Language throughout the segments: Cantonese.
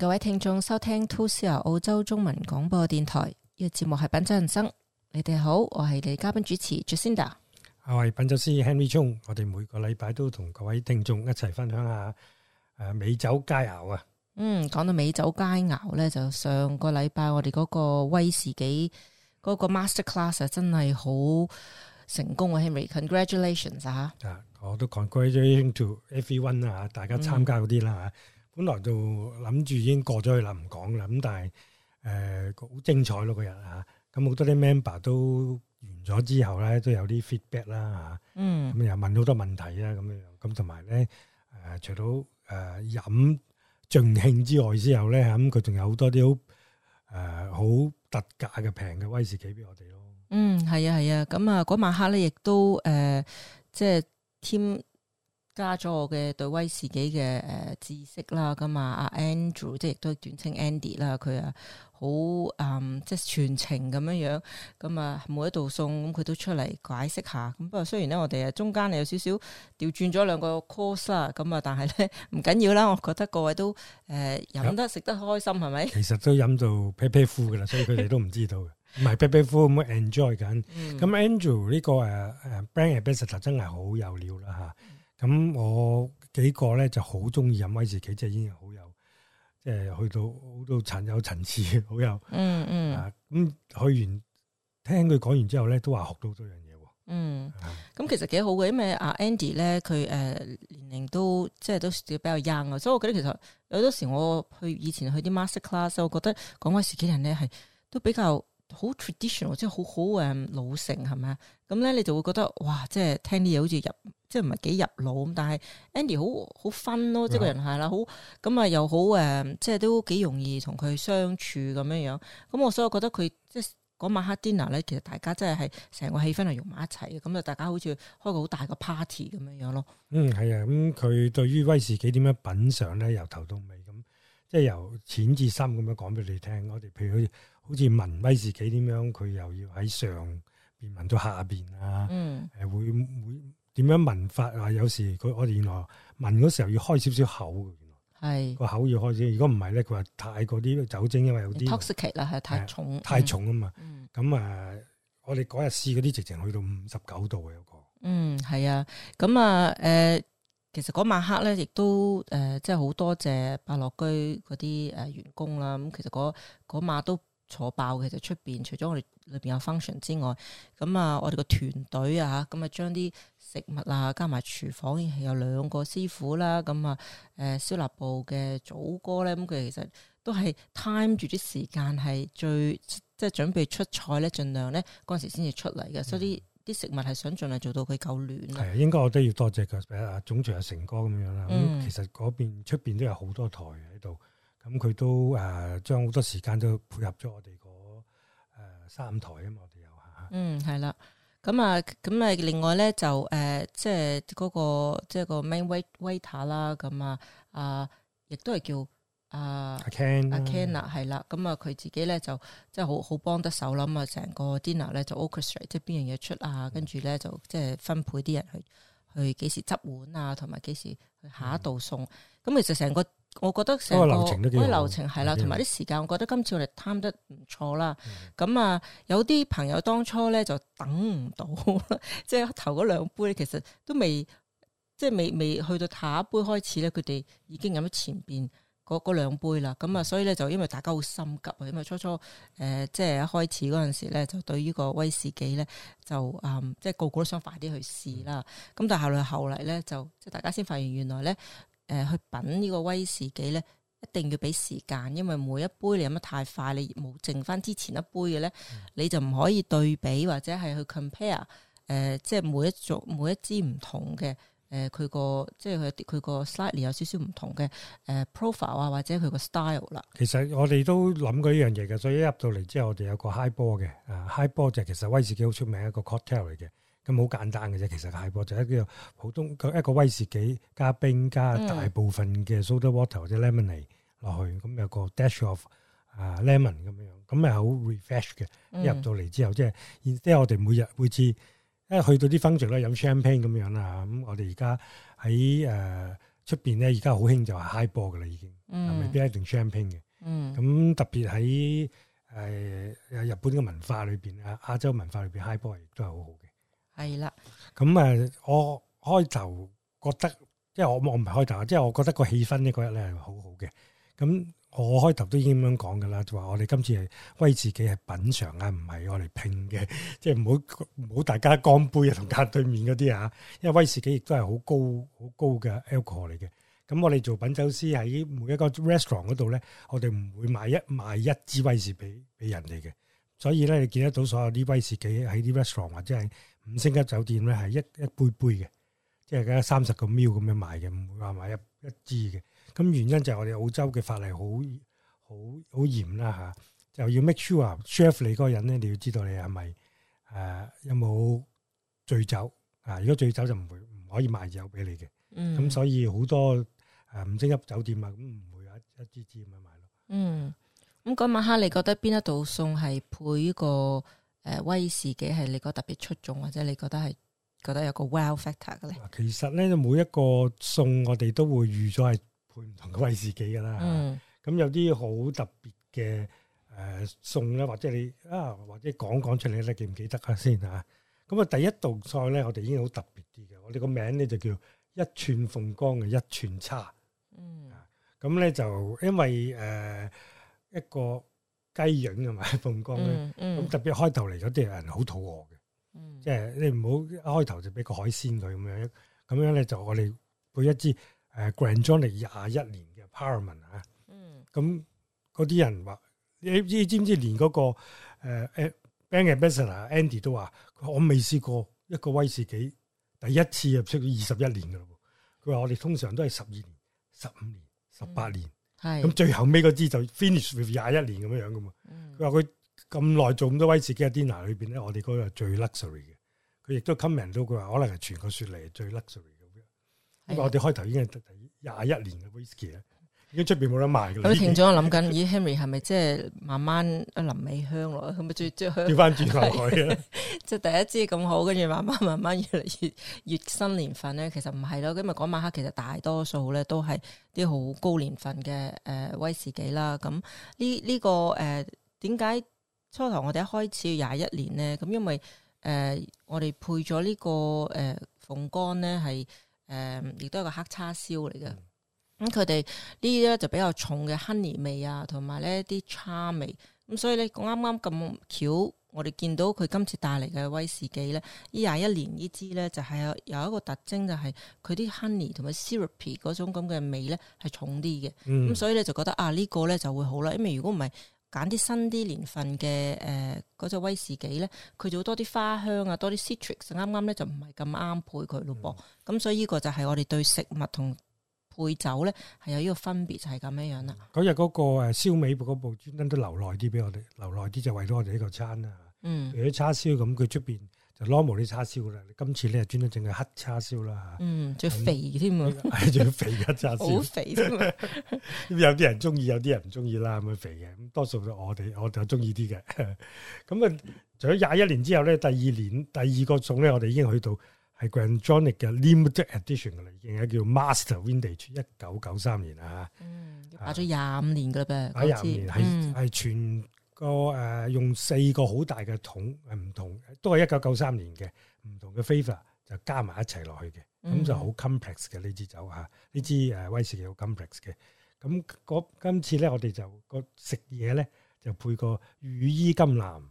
各位聽眾收聽 To C 澳洲中文廣播電台，呢、這、日、個、節目係品酒人生。你哋好，我係你嘉賓主持 j e s s i d a，我係品酒師 Henry Chung。我哋每個禮拜都同各位聽眾一齊分享下誒美酒佳肴啊。嗯，講到美酒佳肴咧，就上個禮拜我哋嗰個威士忌嗰個 Masterclass 啊，真係好成功啊，Henry，Congratulations 啊！Henry 啊，我都 Congratulations to everyone 啊，大家參加嗰啲啦啊。嗯本來就諗住已經過咗去啦，唔講啦。咁但係誒，好、呃、精彩咯嗰日，吓、啊，咁好多啲 member 都完咗之後咧，都有啲 feedback 啦、啊、吓。嗯。咁又問好多問題啦、啊，咁樣，咁同埋咧誒，除咗誒飲盡興之外之後咧，咁佢仲有好多啲好誒好特價嘅平嘅威士忌俾我哋咯。嗯，係啊，係啊，咁啊嗰晚黑咧，亦都誒、呃，即係添。加咗我嘅對威士忌嘅誒知識啦，咁啊阿 Andrew 即係亦都短稱 Andy 啦，佢啊好誒即係全程咁樣樣，咁啊每一道餸，咁佢都出嚟解釋下。咁不過雖然咧，我哋啊中間有少少調轉咗兩個 course 啦，咁啊但係咧唔緊要啦，我覺得各位都誒、呃、飲得食得開心係咪？其實都飲到啤啤夫噶啦，所以佢哋都唔知道嘅。唔係啤啤夫，咁樣 enjoy 緊。咁、嗯、Andrew 呢、這個誒誒、uh, brand ambassador 真係好有料啦吓。啊咁我幾個咧就好中意飲威士忌，即係已經好有，即係去到好多層有層次，好有，嗯嗯，咁、嗯啊、去完聽佢講完之後咧，都話學到多樣嘢。嗯，咁、啊、其實幾好嘅，因為阿 Andy 咧，佢誒、呃、年齡都即係都比較 young 啊，所以我覺得其實有好多時我去以前去啲 master class，我覺得講威士忌人咧係都比較。好 traditional，即係好好誒老成係咪啊？咁咧你就會覺得哇，即係聽啲嘢，好似入，即係唔係幾入腦。但係 Andy 好好分咯，的即係個人係啦，好咁啊，又好誒，即係都幾容易同佢相處咁樣樣。咁我所以我覺得佢即係晚黑 dinner 咧，其實大家真係係成個氣氛係融埋一齊嘅。咁啊，大家好似開個好大個 party 咁樣樣咯。嗯，係啊。咁、嗯、佢對於威士忌點樣品嘗咧，由頭到尾咁，即係由淺至深咁樣講俾你聽。我哋譬如。好似。好似聞威士忌點樣，佢又要喺上邊聞到下邊啊？嗯，誒會會點樣聞法啊？有時佢我哋原來聞嗰時候要開少少口嘅，原來係個口要開少少。如果唔係咧，佢話太過啲酒精，因為有啲 toxic 啦，係太重，呃、太重啊嘛。嗯，嗯，咁啊，我哋嗰日試嗰啲直情去到五十九度嘅有個。嗯，係啊。咁啊，誒，其實嗰晚黑咧，亦都誒，即係好多謝百樂居嗰啲誒員工啦。咁其實嗰晚都。坐爆嘅，就出邊，除咗我哋裏邊有 function 之外，咁啊，我哋個團隊啊，吓咁啊，將啲食物啊加埋廚房，亦係有兩個師傅啦，咁啊，誒燒臘部嘅祖哥咧，咁、嗯、佢其實都係 time 住啲時間，係最即係準備出菜咧，盡量咧嗰陣時先至出嚟嘅，嗯、所以啲啲食物係想盡量做到佢夠暖啊。係啊，應該我都要多謝嘅誒，總廚阿成哥咁樣啦。咁、嗯、其實嗰邊出邊都有好多台喺度。咁佢都誒將好多時間都配合咗我哋嗰、呃、三台啊嘛，我哋又嚇。嗯，係啦。咁啊，咁啊，另外咧就誒、呃，即係嗰個即係個 main waiter 啦。咁啊啊，亦都係叫啊阿、呃、A Ken 阿 Ken 啊，係啦。咁啊，佢自己咧就即係好好幫得手啦。咁啊，成個 dinner 咧就 orchestrate，即係邊樣嘢出啊，跟住咧就即係分配啲人去去幾時執碗啊，同埋幾時去時下一道餸。咁其實成個我覺得成個嗰流程係啦，同埋啲時間，我覺得今次我哋貪得唔錯啦。咁啊、嗯，有啲朋友當初咧就等唔到， 即係頭嗰兩杯咧，其實都未，即係未未，未去到下一杯開始咧，佢哋已經飲咗前邊嗰嗰兩杯啦。咁啊、嗯，所以咧就因為大家好心急啊，因為初初誒、呃、即係一開始嗰陣時咧，就對呢個威士忌咧就誒、嗯，即係個個都想快啲去試啦。咁、嗯、但係後嚟後嚟咧，就即係大家先發現原來咧。誒、呃、去品呢個威士忌咧，一定要俾時間，因為每一杯你飲得太快，你冇剩翻之前一杯嘅咧，嗯、你就唔可以對比或者係去 compare 誒，即係每一組每一支唔同嘅誒，佢個即係佢佢個 slightly 有少少唔同嘅誒 profile 啊，或者佢個、呃呃呃、style 啦。其實我哋都諗過呢樣嘢嘅，所以一入到嚟之後，我哋有個 highball 嘅，啊 highball 就其實威士忌好出名一個 cocktail 嚟嘅。咁好簡單嘅啫，其實 highball 就係一叫普通一個威士忌加冰加大部分嘅 soda water 或者 lemonny 落去，咁有個 dash of 啊 lemon 咁樣樣，咁係好 refresh 嘅。一入到嚟之後，即係即係我哋每日會知，因為去到啲 function 咧飲 champagne 咁樣啦，咁、嗯、我哋而家喺誒出邊咧，而家好興就係 highball 嘅啦，已經，未必一定 champagne 嘅，咁、嗯嗯、特別喺誒、呃、日本嘅文化裏邊啊，亞洲文化裏邊 highball 亦都係好好。係啦，咁誒、嗯，我開頭覺得，即係我我唔係開頭，即係我覺得個氣氛呢嗰日咧係好好嘅。咁我開頭都已經咁樣講噶啦，就話我哋今次係威士忌係品嘗啊，唔係我哋拼嘅，即係唔好唔好大家乾杯啊，同隔對面嗰啲啊，因為威士忌亦都係好高好高嘅 alcohol 嚟嘅。咁我哋做品酒師喺每一個 restaurant 嗰度咧，我哋唔會買一買一支威士忌俾俾人哋嘅，所以咧你見得到所有啲威士忌喺啲 restaurant 或者係，五星級酒店咧係一一杯杯嘅，即係而家三十個 ml 咁樣賣嘅，唔會話買一一支嘅。咁原因就係我哋澳洲嘅法例好好好嚴啦嚇、啊，就要 make sure serve 你嗰個人咧，你要知道你係咪誒有冇醉酒啊？如果醉酒就唔會唔可以賣酒俾你嘅。咁、嗯、所以好多誒、啊、五星級酒店啊，咁唔會有一一支支咁樣賣咯、嗯。嗯，咁晚黑你覺得邊一道餸係配、呢個？誒、呃，威士忌係你覺得特別出眾，或者你覺得係覺得有個 wow factor 嘅咧？其實咧，每一個餸我哋都會預咗係配唔同嘅威士忌噶啦。咁、嗯啊、有啲好特別嘅誒餸咧，或者你啊，或者講講出嚟咧，記唔記得啊？先吓，咁啊，第一道菜咧，我哋已經好特別啲嘅，我哋個名咧就叫一寸鳳江嘅一寸叉。嗯。咁咧、啊、就因為誒、呃、一個。雞軟啊嘛，鳳江咧，咁、嗯、特別開頭嚟嗰啲人好肚餓嘅，嗯、即係你唔好一開頭就俾個海鮮佢咁樣，咁樣咧就我哋配一支誒 Grand Journey 廿一年嘅 Parman、嗯、啊，咁嗰啲人話你知唔知連嗰、嗰個誒誒 Brand Ambas、嗯、sador Andy 都話，嗯嗯、我未試過一個威士忌第一次入出咗二十一年噶咯，佢話我哋通常都係十二年、十五年、十八年。嗯係咁是最後尾嗰支就 finish with 廿一年咁樣樣噶嘛，佢話佢咁耐做咁多威士忌喺 dinner 裏邊咧，我哋嗰個最 luxury 嘅，佢亦都 comment 到佢話可能係全個雪梨最 luxury 咁樣，咁的我哋開頭已經係廿一年嘅 whisky 咧、嗯。嗯已經出邊冇得賣嘅。咁啊，庭長 我諗緊，咦 ，Henry 係咪即係慢慢臨尾香咯？咁咪即係調翻轉頭佢，就係第一支咁好，跟住慢慢慢慢越嚟越越新年份咧，其實唔係咯。今日嗰晚黑其實大多數咧都係啲好高年份嘅誒威士忌啦。咁呢呢個誒點解初頭我哋一開始要廿一年咧？咁因為誒、呃、我哋配咗、這個呃、呢個誒鳳干咧係誒亦都係個黑叉燒嚟嘅。咁佢哋呢啲咧就比較重嘅 honey 味啊，同埋咧啲 char 味。咁所以咧，啱啱咁巧，我哋見到佢今次帶嚟嘅威士忌咧，呢廿一年一呢支咧就係、係、有一個特徵、就係，就係佢啲 honey 同埋 syrupy 嗰種咁嘅味咧係重啲嘅。咁、嗯、所以咧就覺得啊，呢個、呢個咧就會好啦。因為如果唔係揀啲新啲年份嘅誒嗰隻威士忌咧，佢就會多啲花香啊，多啲 citrus。啱啱咧就唔係咁啱配佢咯噃。咁、嗯嗯、所以呢個就係我哋對食物同。會走咧，係有呢個分別，就係、是、咁樣樣啦。嗰日嗰個誒燒味部嗰部，專登都留耐啲俾我哋，留耐啲就為咗我哋呢個餐啦。嗯，啲叉燒咁，佢出邊就 normal 啲叉燒啦。今次咧，專登整嘅黑叉燒啦，吓。嗯，最肥添啊，係 仲要、嗯、肥嘅叉燒，好 肥的。添。 有啲人中意，有啲人唔中意啦，咁樣肥嘅。咁多數我哋我就中意啲嘅。咁啊，除咗廿一年之後咧，第二年第二個粽咧，我哋已經去到。 係 GlenDronach 嘅 Limited Edition 嘅啦，已經叫 Master Vintage 一九九三年、嗯、啊。嚇。打打嗯，擺咗廿五年嘅啦噃。廿五年係係全個誒、啊、用四個好大嘅桶，誒、啊、唔同都係一九九三年嘅唔同嘅 Favor 就加埋一齊落去嘅，咁、嗯、就好 complex 嘅呢支酒嚇，呢支誒威士忌好 complex 嘅。咁、那個、今次咧，我哋就個食嘢咧就配個御衣金藍。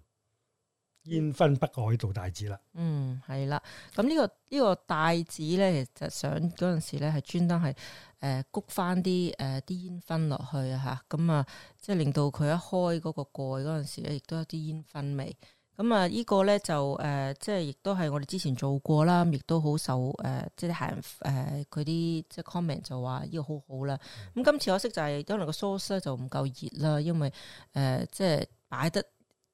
煙熏不改做帶子啦，嗯，係啦，咁、這個這個、呢個呢個帶子咧，其實想嗰陣時咧係專登係誒焗翻啲誒啲煙熏落去吓，咁啊，即係令到佢一開嗰個蓋嗰陣時咧，亦都有啲煙熏味，咁啊，依、這個咧就誒、呃，即係亦都係我哋之前做過啦，亦都好受誒、呃，即係啲客人、呃、誒佢啲即係 comment 就話呢個好好啦，咁、啊、今次可惜就係因為個 source 咧就唔夠熱啦，因為誒、呃、即係擺得。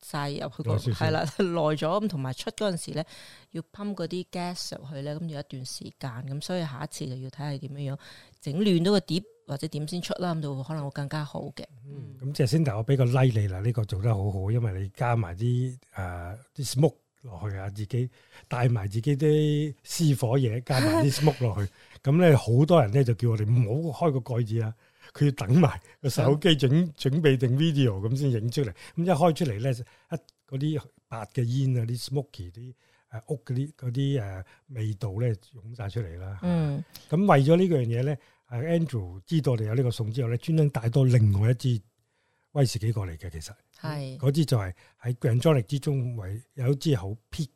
晒入去個係啦，耐咗咁同埋出嗰陣時咧，要泵嗰啲 gas 入去咧，咁要一段時間咁，所以下一次就要睇下點樣樣整亂到個碟或者點先出啦，咁就會可能會更加好嘅。嗯，咁即係先頭我俾個 like 你啦，呢個做得好好，因為你加埋啲誒啲、呃、smoke 落去啊，自己帶埋自己啲私伙嘢，加埋啲 smoke 落去，咁咧好多人咧就叫我哋唔好開個蓋子啊。佢要等埋個手機整準，準備定 video 咁先影出嚟，咁一開出嚟咧，一嗰啲白嘅煙啊，啲 smoky 啲屋嗰啲啲誒味道咧，湧晒出嚟啦。嗯，咁為咗呢樣嘢咧，誒 Andrew 知道我哋有呢個餸之後咧，專登帶多另外一支威士忌過嚟嘅，其實係嗰支就係喺 GlenDronach 之中，唯有一支好 peat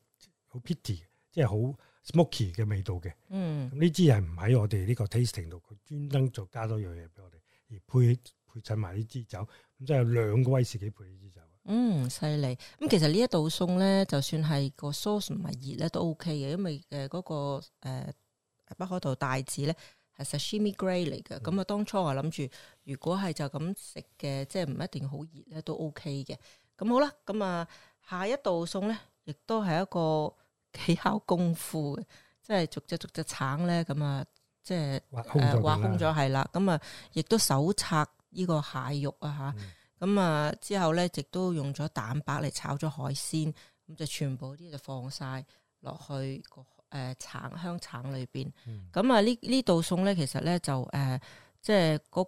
好 peaty，即係好 smoky 嘅味道嘅。嗯，呢支係唔喺我哋呢個 tasting 度，佢專登再加多樣嘢俾我哋。配配襯埋呢支酒，咁即係兩個威士忌配支酒。嗯，犀利。咁其實呢一道餸咧，就算係個 sauce 唔係熱咧都 OK 嘅，因為誒、那、嗰個、呃、北海道帶子咧係 sashimi grey 嚟嘅。咁啊、嗯，當初我諗住如果係就咁食嘅，即係唔一定熱好熱咧都 OK 嘅。咁好啦，咁啊下一道餸咧，亦都係一個幾考功夫嘅，即係逐隻逐隻橙咧咁啊。即係誒挖空咗係啦，咁啊亦都手拆呢個蟹肉啊吓，咁啊、嗯、之後咧亦都用咗蛋白嚟炒咗海鮮，咁就全部啲就放晒落去個誒橙香橙裏邊，咁啊呢呢道餸咧其實咧就誒即係嗰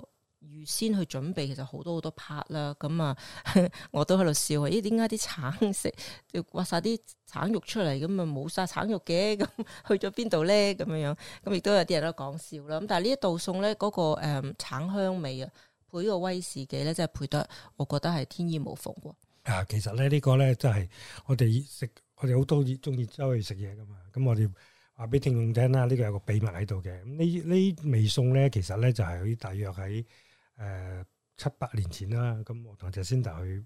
個。預先去準備，其實好多好多 part 啦，咁、嗯、啊、嗯，我都喺度笑啊，咦，點解啲橙色要挖晒啲橙肉出嚟，咁啊冇晒橙肉嘅，咁、嗯、去咗邊度咧？咁樣樣，咁亦都有啲人都講笑啦。咁、嗯、但係呢一道餸咧，嗰、那個誒、嗯、橙香味啊，配呢個威士忌咧，真係配得，我覺得係天衣無縫喎。啊，其實咧呢、這個咧，就係我哋食，我哋好多中意周圍食嘢噶嘛。咁我哋話俾聽眾聽啦，呢、這個有個秘密喺度嘅。咁呢呢味餸咧，其實咧就係、是、有大約喺。誒七八年前啦，咁我同 Jacinda 去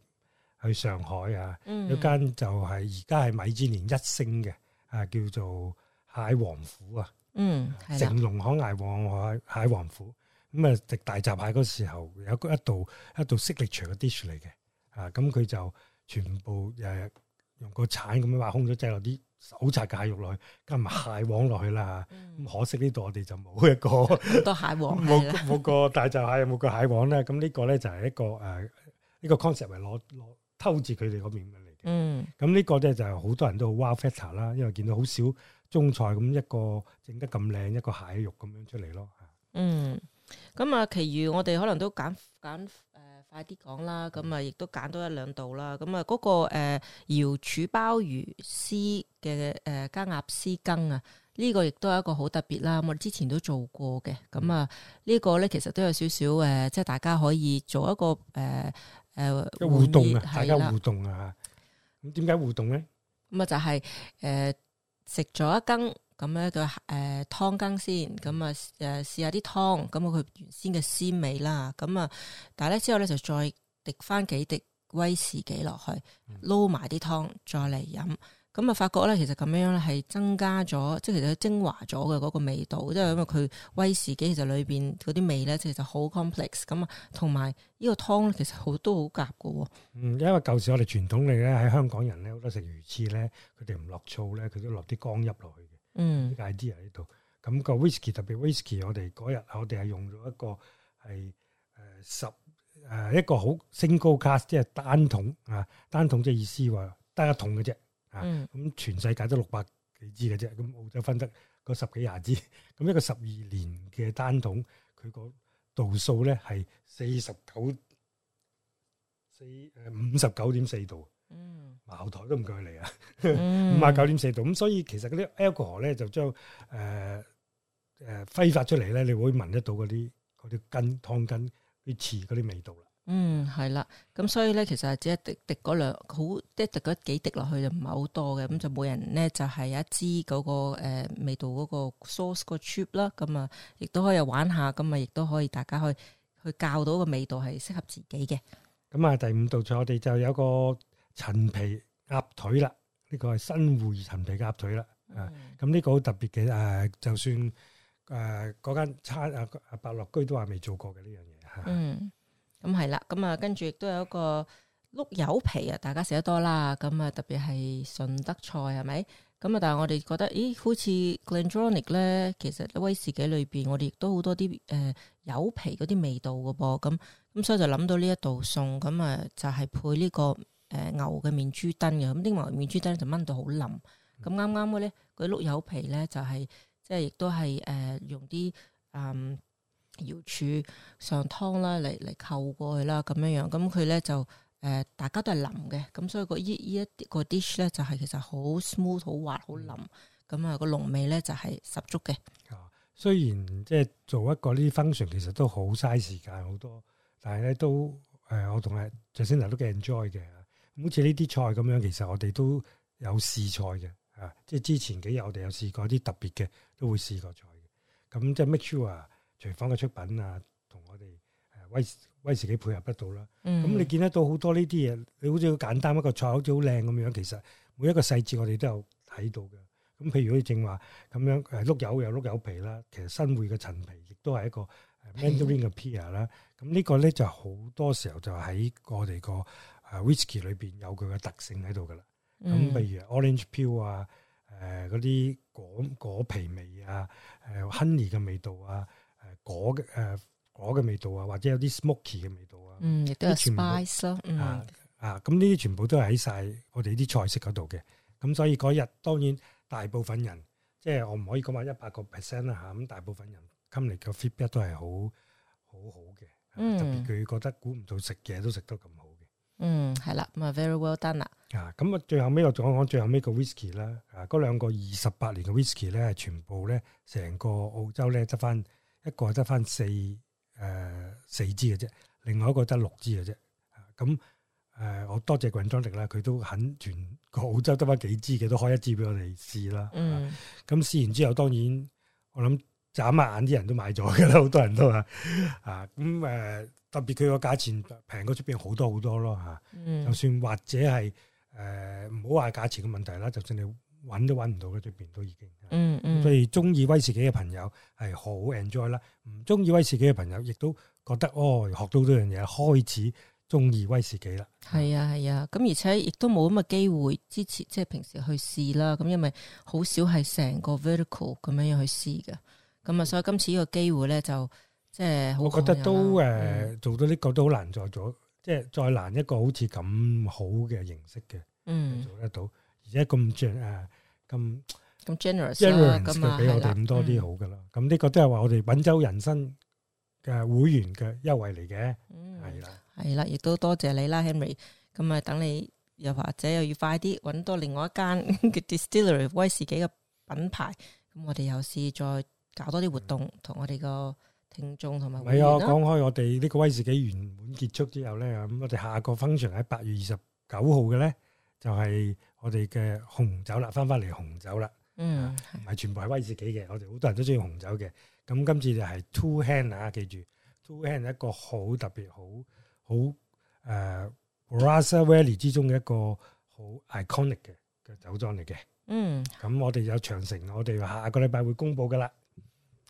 去上海啊，嗯、有一間就係而家係米芝蓮一星嘅，啊叫做蟹王府啊，嗯，成龍可捱旺海蟹王府，咁啊食大閘蟹嗰時候有一道一道一道 signature 嘅 dish 嚟嘅，啊咁佢、嗯、就全部誒用個鏟咁樣挖空咗擠落啲。手拆蟹肉落去，加埋蟹黃落去啦。咁、嗯、可惜呢度我哋就冇一個多蟹黃，冇冇 個大閘蟹，有冇 個蟹黃咧。咁呢個咧就係、是、一個誒、呢、呃這個 concept 係攞攞偷住佢哋嗰面嚟嘅。嗯，咁呢個咧就係、是、好多人都好 wow factor 啦，因為見到好少中菜咁一個整得咁靚，一個蟹肉咁樣出嚟咯。嗯，咁啊，其餘我哋可能都揀揀。快啲講啦，咁、嗯、啊、嗯、亦都揀多一兩道啦，咁啊嗰個誒瑤、呃、柱鮑魚絲嘅誒加鴨絲羹啊，呢、這個亦都係一個好特別啦，我哋之前都做過嘅，咁、嗯、啊、嗯、呢個咧其實都有少少誒，即、呃、係大家可以做一個誒誒、呃呃、互動啊，是大家互動啊，咁點解互動咧？咁啊、嗯、就係誒食咗一羹。咁咧，佢誒湯羹先，咁啊誒試下啲湯，咁啊佢原先嘅鮮味啦，咁啊，但係咧之後咧就再滴返幾滴威士忌落去，撈埋啲湯再嚟飲，咁啊發覺咧其實咁樣咧係增加咗，即係其實佢精華咗嘅嗰個味道，即係因為佢威士忌其實裏邊嗰啲味咧，其實好 complex，咁啊，同埋呢個湯其實好都好夾㗎喎，嗯，因為舊時我哋傳統嚟咧喺香港人咧好多食魚翅咧，佢哋唔落醋咧，佢都落啲薑入落去。嗯，啲 idea 喺度，咁個 whisky e 特別 whisky，e 我哋嗰日我哋係用咗一個係誒、呃、十誒、呃、一個好 single cask，即係單桶啊，單桶即係意思話得一桶嘅啫，啊，咁、嗯、全世界都六百幾支嘅啫，咁澳洲分得個十幾廿支，咁一個十二年嘅單桶，佢個度數咧係四十九四誒五十九點四度。嗯茅台都唔夠佢嚟啊！五十九點四度，咁所以其實嗰啲 alcohol 咧就將誒誒揮發出嚟咧，你會聞得到嗰啲嗰啲根湯根啲刺嗰啲味道啦。嗯，係啦，咁所以咧，其實只係滴滴嗰兩好，即係滴嗰幾滴落去就唔係好多嘅，咁就每人咧就係有一支嗰個誒味道嗰個 sauce 個 chip 啦。咁啊，亦都可以玩下，咁啊，亦都可以大家可以去去教到個味道係適合自己嘅。咁啊，第五道菜我哋就有個。陳皮鴨腿啦，呢、這個係新會陳皮鴨腿啦，啊、嗯，咁呢個好特別嘅，誒，就算誒嗰間餐阿阿百樂居都話未做過嘅呢樣嘢，吓，嗯，咁係啦，咁啊，跟住亦都有一個碌柚皮啊，大家食得多啦，咁啊，特別係順德菜係咪？咁啊，但係我哋覺得，咦，好似 glendronic 咧，其實威士忌裏邊我哋亦都好多啲誒柚皮嗰啲味道噶噃，咁、嗯、咁所以就諗到呢一道餸，咁、嗯、啊就係、是、配呢、這個。誒牛嘅面珠墩嘅，咁啲牛面珠墩就炆到好腍，咁啱啱嘅咧，佢碌柚皮咧就係、是、即係亦都係誒用啲嗯瑤柱上湯啦嚟嚟扣過去啦咁樣樣，咁佢咧就誒、呃、大家都係腍嘅，咁所以個依依一啲個 dish 咧就係其實好 smooth 好滑好腍，咁啊、那個濃味咧就係十足嘅。啊，雖然即係做一個呢 function 其實都好嘥時間好多，但係咧都誒、呃、我同阿 Jacinda 都幾 enjoy 嘅。好似呢啲菜咁樣，其實我哋都有試菜嘅，啊，即係之前幾日我哋有試過一啲特別嘅，都會試過菜嘅。咁即係 make sure 廚房嘅出品啊，同我哋威士威士忌配合得到啦。咁、嗯、你見得到好多呢啲嘢，你好似好簡單一個菜，好似好靚咁樣，其實每一個細節我哋都有睇到嘅。咁譬如好似正話咁樣，誒碌柚有碌柚皮啦，其實新會嘅陳皮亦都係一個 mandarin 嘅 pear、er, 啦、嗯。咁呢個咧就好多時候就喺我哋個威士忌裏邊有佢嘅特性喺度噶啦，咁譬、嗯、如 orange peel 啊，誒嗰啲果果皮味啊，誒、呃、honey 嘅味道啊，誒果嘅誒、呃、果嘅味道啊，或者有啲 smoky 嘅味道啊，亦、嗯、都有 spice 咯，啊咁呢啲全部都係喺晒我哋啲菜式嗰度嘅，咁所以嗰日當然大部分人，即係我唔可以講話一百個 percent 啦嚇，咁、啊、大部分人今嚟嘅 feedback 都係好好好嘅，啊嗯、特別佢覺得估唔到食嘢都食得咁嗯，係啦，咁啊 very well done 啦、啊。啊，咁啊最後尾我講講最後尾個 whisky 啦。啊，嗰兩個二十八年嘅 whisky 咧，全部咧成個澳洲咧，得翻一個得翻四誒、呃、四支嘅啫，另外一個得六支嘅啫。咁、啊、誒、啊啊，我多謝佢 a 力 d 啦，佢都肯全個澳洲得翻幾支嘅，都開一支俾我哋試啦。啊、嗯。咁試、啊、完之後，當然我諗眨下眼啲人都買咗㗎啦，好多人都話啊啊咁誒。啊啊特別佢個價錢平過出邊好多好多咯吓，就算，嗯、或者係誒唔好話價錢嘅問題啦，就算你搵都搵唔到嘅，出邊都已經。嗯嗯，嗯，所以中意威士忌嘅朋友係好 enjoy 啦，唔中意威士忌嘅朋友亦都覺得哦，學到好多樣嘢，開始中意威士忌啦。係啊係啊，咁，啊、而且亦都冇咁嘅機會支持，即係平時去試啦。咁因為好少係成個 vertical 咁樣樣去試嘅，咁啊，嗯，所以今次個機會呢個機會咧就。即係，我覺得都誒，做到呢個都好難再做，即係再難一個好似咁好嘅形式嘅，嗯，做得到，而且咁 gent 誒咁咁 generous 嘅嘛，俾我哋咁多啲好嘅啦。咁呢個都係話我哋品酒人生嘅會員嘅優惠嚟嘅，係啦，係啦，亦都多謝你啦，Henry。咁啊，等你又或者又要快啲揾多另外一間嘅 distillery 威士忌嘅品牌，咁我哋有時再搞多啲活動，同我哋個。聽眾同埋，唔係啊！講開，我哋呢個威士忌完滿結束之後咧，咁我哋下個 function 喺八月二十九號嘅咧，就係、是、我哋嘅紅酒啦，翻翻嚟紅酒啦、嗯啊，嗯，唔係全部係威士忌嘅，我哋好多人都中意紅酒嘅。咁、嗯、今次就係 Two Hand 啊，記住 Two Hand 係一個好特別，好好誒 Barossa Valley 之中嘅一個好 iconic 嘅嘅酒莊嚟嘅。嗯，咁、嗯、我哋有長城，我哋下個禮拜會公佈噶啦。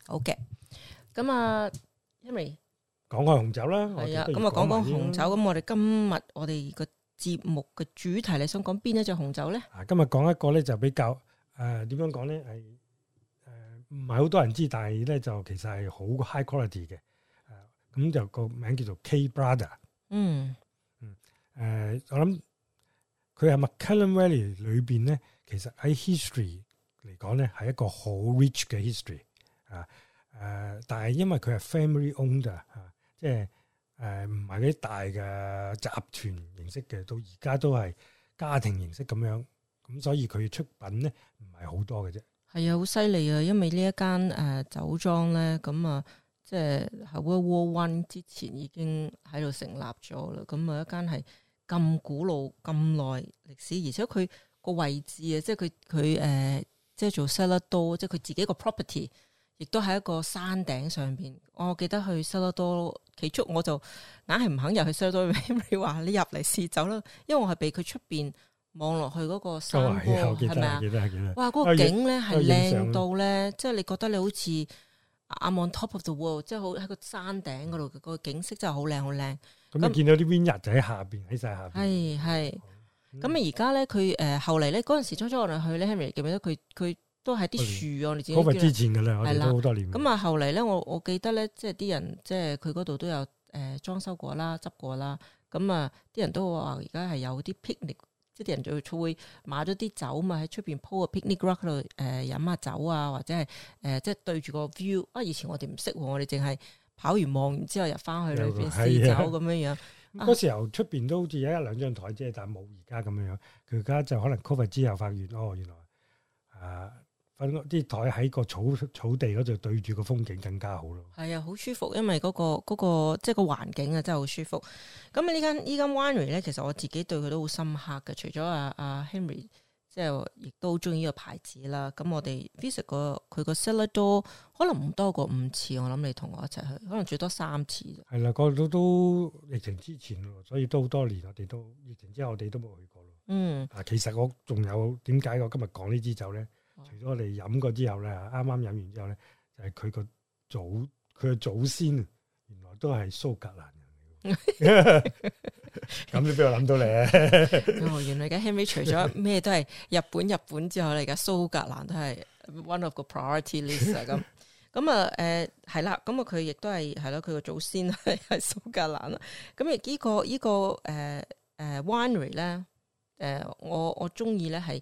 好嘅。咁啊，Henry，講下紅酒啦。係啊的，咁啊，講講紅酒。咁吧我哋今日我哋個節目嘅主題，你想講邊一隻紅酒咧？啊，今日講一個咧就比較誒，點、呃、樣講咧？係誒，唔係好多人知，但係咧就其實係好 high quality 嘅。誒、呃，咁就個名叫做 Kay Brothers。嗯嗯，誒、嗯呃，我諗佢係 McLaren Valley 裏邊咧，其實喺 history 嚟講咧，係一個好 rich 嘅 history 啊。誒、呃，但係因為佢係 family owned 啊，即係誒唔係啲大嘅集團形式嘅，到而家都係家庭形式咁樣，咁、嗯、所以佢出品咧唔係好多嘅啫。係啊，好犀利啊！因為呢一間誒、呃、酒莊咧，咁、嗯、啊，即係 World War One 之前已經喺度成立咗啦。咁、嗯、啊，一間係咁古老、咁耐歷史，而且佢個位置啊，即係佢佢誒，即係做 cellar door，即係佢自己個 property。亦都喺一個山頂上邊，我記得去收得多，起初我就硬係唔肯入去收多。Henry 話：你入嚟試走啦，因為我係俾佢出邊望落去嗰個山坡，係咪啊？記得，記得哇！嗰個景咧係靚到咧，即係你覺得你好似啊，on top of the world，即係好喺個山頂嗰度，個景色真係好靚，好靚。咁你，你見到啲 vine 就喺下邊，喺晒下邊。係係。咁啊，而家咧佢誒後嚟咧嗰陣時初初我哋去咧 Henry 記唔記得佢佢。都係啲樹啊！嗯、你知 cover 之前嘅啦，我哋都好多年。咁啊，後嚟咧，我我記得咧，即係啲人即係佢嗰度都有誒、呃、裝修過啦、執過啦。咁、嗯、啊，啲人都話而家係有啲 picnic，即係啲人就就會買咗啲酒嘛，喺出邊鋪個 picnic rug 度誒飲下酒啊，或者係誒、呃、即係對住個 view。啊，以前我哋唔識喎，我哋淨係跑完望完之後入翻去裏邊試酒咁樣樣。嗰時候出邊都好似有一兩張台啫，但係冇而家咁樣樣。佢而家就可能 cover 之後發現哦，哦，原來啊～啊份啲台喺個草草地嗰度對住個風景更加好咯。係啊，好舒服，因為嗰、那個嗰、那個即係個環境啊，真係好舒服。咁啊，間呢間依間 Winery 咧，其實我自己對佢都好深刻嘅。除咗阿阿 Henry，即係亦都中意呢個牌子啦。咁我哋 visit 個佢個 cellar door，可能唔多過五次。我諗你同我一齊去，可能最多三次啫。係啦、啊，都都疫情之前，所以都好多年，我哋都疫情之後，我哋都冇去過咯。嗯，啊，其實我仲有點解我今日講呢支酒咧。除咗我哋飲過之後咧，啱啱飲完之後咧，就係佢個祖佢嘅祖先，原來都係蘇格蘭人嚟。咁你俾我諗到你。啊、 哦，原來而家 Henry 除咗咩都係日本日本之後，嚟嘅蘇格蘭都係 one of the priority list 啊，咁。咁啊誒係啦，咁啊佢亦都係係咯，佢嘅祖先係蘇格蘭啦。咁呢依個依、呢個誒誒 Winery 咧，誒、呃呃呃、我我中意咧係。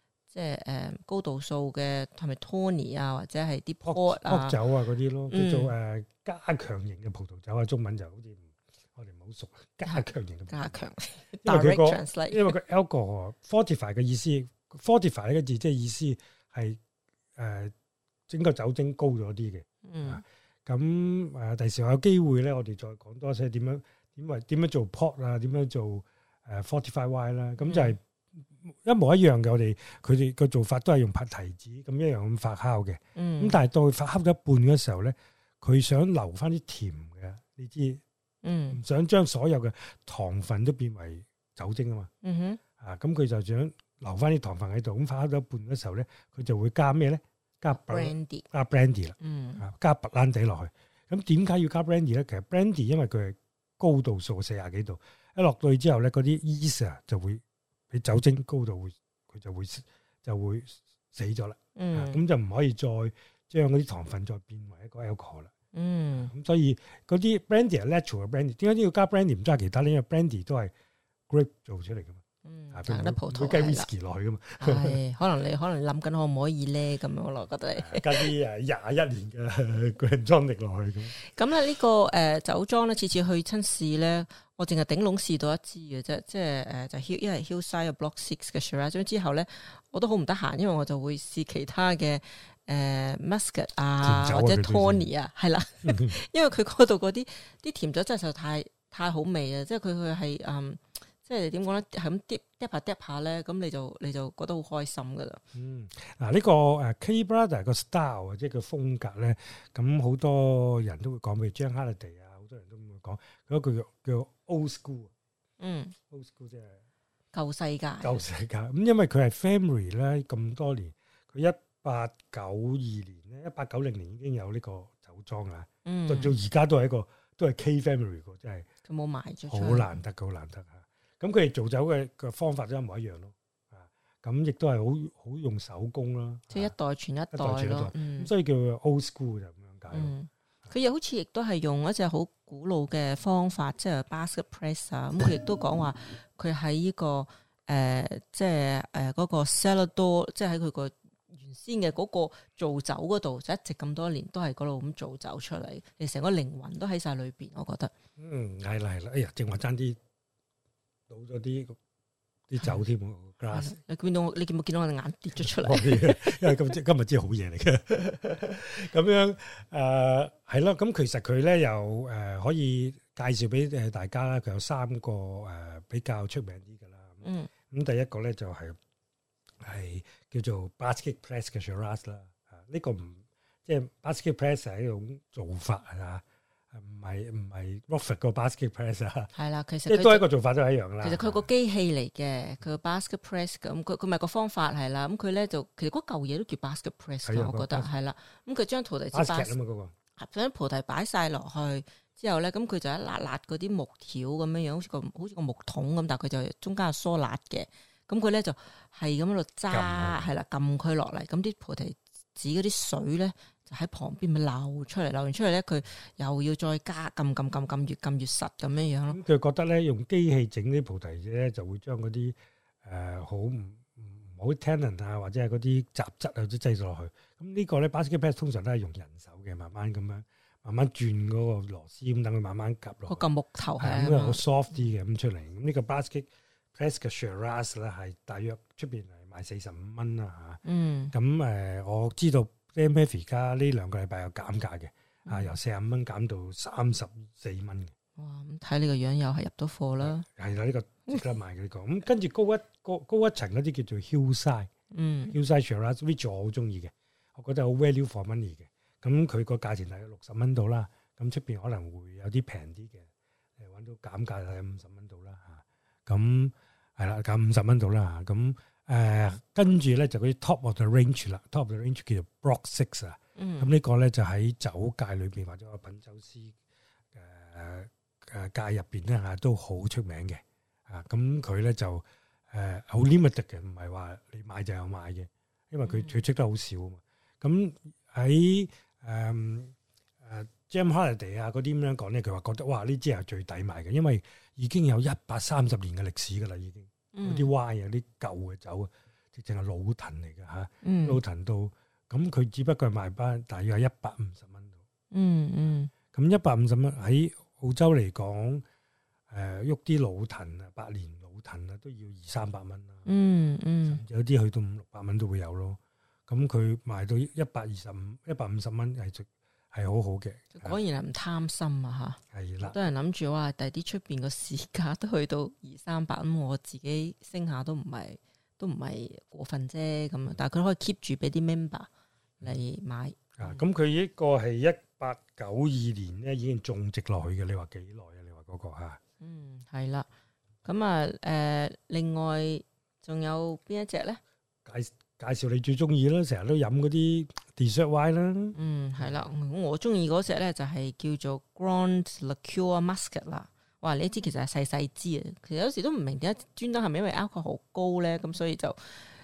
即係誒、嗯、高度數嘅，係咪 tony 啊，或者係啲 port 啊酒啊嗰啲咯，叫做誒、呃、加強型嘅葡萄酒啊。中文就好似我哋唔好熟加強型嘅。加強。Direct translate。因為佢 alcohol fortify 嘅意思 fortify 呢個字即係意思係、就、誒、是呃、整個酒精高咗啲嘅。啊、嗯。咁誒、啊，第、啊、時有機會咧，我哋再講多一些點樣點為點樣做 port 啊？點樣做誒 fortify Y 啦？咁、uh, 啊、就係、是。嗯一模一樣嘅，我哋佢哋個做法都係用拍提子咁一樣咁發酵嘅。嗯，咁但係到佢發酵咗一半嘅時候咧，佢想留翻啲甜嘅，你知，嗯，唔想將所有嘅糖分都變為酒精啊嘛。嗯哼，啊，咁佢就想留翻啲糖分喺度。咁發酵咗一半嘅時候咧，佢就會加咩咧？加 brandy，加 brandy 啦 brandy。嗯，加白蘭地落去。咁點解要加 brandy 咧？其實 brandy 因為佢係高度數，四廿幾度，一落到去之後咧，嗰啲 yeast 啊就會。你酒精高度會，佢就會就會死咗啦。咁、嗯啊、就唔可以再將啲糖分再變為一個 alcohol 啦。咁、嗯啊、所以啲 brandy 係 natural 嘅 brandy，點解要加 brandy 唔加其他呢？因為 brandy 都係 grape 做出嚟嘅嘛。嗯，加葡萄落去噶嘛？係唉， 可能你可能諗緊可唔可以咧咁樣咯？我覺得、啊、加啲誒廿一年嘅 g r 落去嘅。咁咧呢個誒、呃、酒莊咧，次次去親試咧，我淨係頂籠試到一支嘅啫。即係誒、呃，就是、h 因為 Hillside Block Six 嘅 Shiraz，咁之後咧，我都好唔得閒，因為我就會試其他嘅誒、呃、Muscat 啊、啊或者 Tony 啊，係啦，因為佢嗰度嗰啲啲甜酒真係就太太好味啊！即係佢佢係誒。即係點講咧，係咁跌跌下跌下咧，咁你就你就覺得好開心噶啦。嗯，嗱呢個誒 K brother 個 style 啊，即係個風格咧，咁好多人都會講，譬如 John Halliday 啊，好多人都會講。嗰句叫 Old School。嗯，Old School 即係舊世界，舊世界。咁因為佢係 family 咧，咁多年，佢一八九二年咧，一八九零年已經有呢個酒莊啦。嗯，到而家都係一個都係 K family 嘅，真係佢冇賣咗，好難得嘅，好難得嚇。咁佢哋做酒嘅嘅方法都一模一樣咯，啊！咁亦都係好好用手工啦，啊啊啊啊、即係一代傳一代咯，咁、嗯、所以叫 old school 就咁樣解。嗯，佢又、啊、好似亦都係用一隻好古老嘅方法，即係 basket press 啊！咁佢亦都講話佢喺呢個誒，即係誒嗰個 cellar door，即係喺佢個原先嘅嗰個造酒嗰度，就是、一直咁多年都係嗰度咁做酒出嚟，你成個靈魂都喺晒裏邊，我覺得。嗯，係啦，係啦，哎呀，正話爭啲。倒咗啲啲酒添，glass。你見到我，你見冇見到我隻眼跌咗出嚟？因為今今日真係好嘢嚟嘅。咁樣誒，係咯。咁其實佢咧又誒，可以介紹俾誒大家啦。佢有三個誒比較出名啲噶啦。嗯。咁第一個咧就係係叫做 basket press 嘅 Shiraz 啦。啊，呢個唔即係 basket press 係一種做法係嘛？唔係唔係 Rockford 個 basket press 啊，係啦，其實即係都係一個做法都係一樣啦。其實佢個機器嚟嘅，佢個 basket press 咁，佢佢咪個方法係啦。咁佢咧就其實嗰舊嘢都叫 basket press，的我覺得係啦。咁佢巴將菩提子、嗰個，將菩提擺晒落去之後咧，咁佢就一辣辣嗰啲木條咁樣樣，好似個好似個木桶咁，但佢就中間係梳辣嘅。咁佢咧就係咁喺度揸，係啦，撳佢落嚟。咁啲菩提子嗰啲水咧。喺旁邊咪流出嚟，流完出嚟咧，佢又要再加，撳撳撳撳，越撳越實咁樣樣咯。咁佢覺得咧，用機器整啲菩提子咧，就會將嗰啲誒好唔唔好 tannin 啊，或者係嗰啲雜質啊，都擠咗落去。咁呢個咧 basket press 通常都係用人手嘅，慢慢咁樣，慢慢轉嗰個螺絲，咁等佢慢慢夾落。個木頭係因為好 soft 啲嘅，咁出嚟。咁呢個 basket press 嘅 Shiraz 咧係大約出邊嚟賣四十五蚊啦嚇。嗯。咁誒、嗯，我知道。M.F. 而家呢兩個禮拜有減價嘅，嗯、啊由四十五蚊減到三十四蚊嘅。哇！咁睇你個樣又係入咗貨啦。係啦，呢、這個值得買嘅呢、 這個。咁跟住高一高高一層嗰啲叫做 Hillside，嗯，Hillside Shiraz，呢件我好中意嘅，我覺得好 value for money 嘅。咁佢個價錢大概六十蚊度啦。咁出邊可能會有啲平啲嘅，誒揾到減價係五十蚊度啦嚇。咁係啦，減五十蚊度啦嚇。咁誒、呃，跟住咧就嗰啲 top of the range 啦，top of the range 叫做 Block 6啊、mm，咁、hmm。這個、呢個咧就喺酒界裏邊或者品酒師誒誒界入邊咧吓都好出名嘅，啊，咁佢咧就誒好 limited 嘅，唔係話你買就有買嘅，因為佢佢出得好少、呃、啊，咁喺誒誒 James Halliday 啊嗰啲咁樣講咧，佢話覺得哇呢支係最抵買嘅，因為已經有一百三十年嘅歷史噶啦已經。啲歪啊，啲、嗯、舊嘅酒啊，直情係老藤嚟嘅嚇，嗯、老藤到咁佢只不過係賣翻，大約一百五十蚊度。嗯嗯，咁一百五十蚊喺澳洲嚟講，誒喐啲老藤啊，百年老藤啊，都要二三百蚊啦、嗯。嗯嗯，有啲去到五六百蚊都會有咯。咁佢賣到一百二十五、一百五十蚊係最。係好好嘅，果然係唔貪心啊！吓、係啦，好多人諗住話，第啲出邊個市價都去到二三百蚊，嗯，我自己升下都唔係都唔係過分啫。咁、嗯，但係佢可以 keep 住俾啲 member 嚟買。嗯嗯、啊，咁佢呢個係一八九二年咧，已經種植落去嘅。你話幾耐啊？你話嗰、那個吓？啊、嗯，係啦。咁啊，誒、呃，另外仲有邊一隻咧？介紹你最中意啦，成日都飲嗰啲 dessert wine 啦。嗯，係啦，我中意嗰隻咧就係叫做 Grand Liqueur Muscat 啦。哇，呢支其實係細細支啊，其實有時都唔明點解專登係咪因為凹佢好高咧，咁所以就、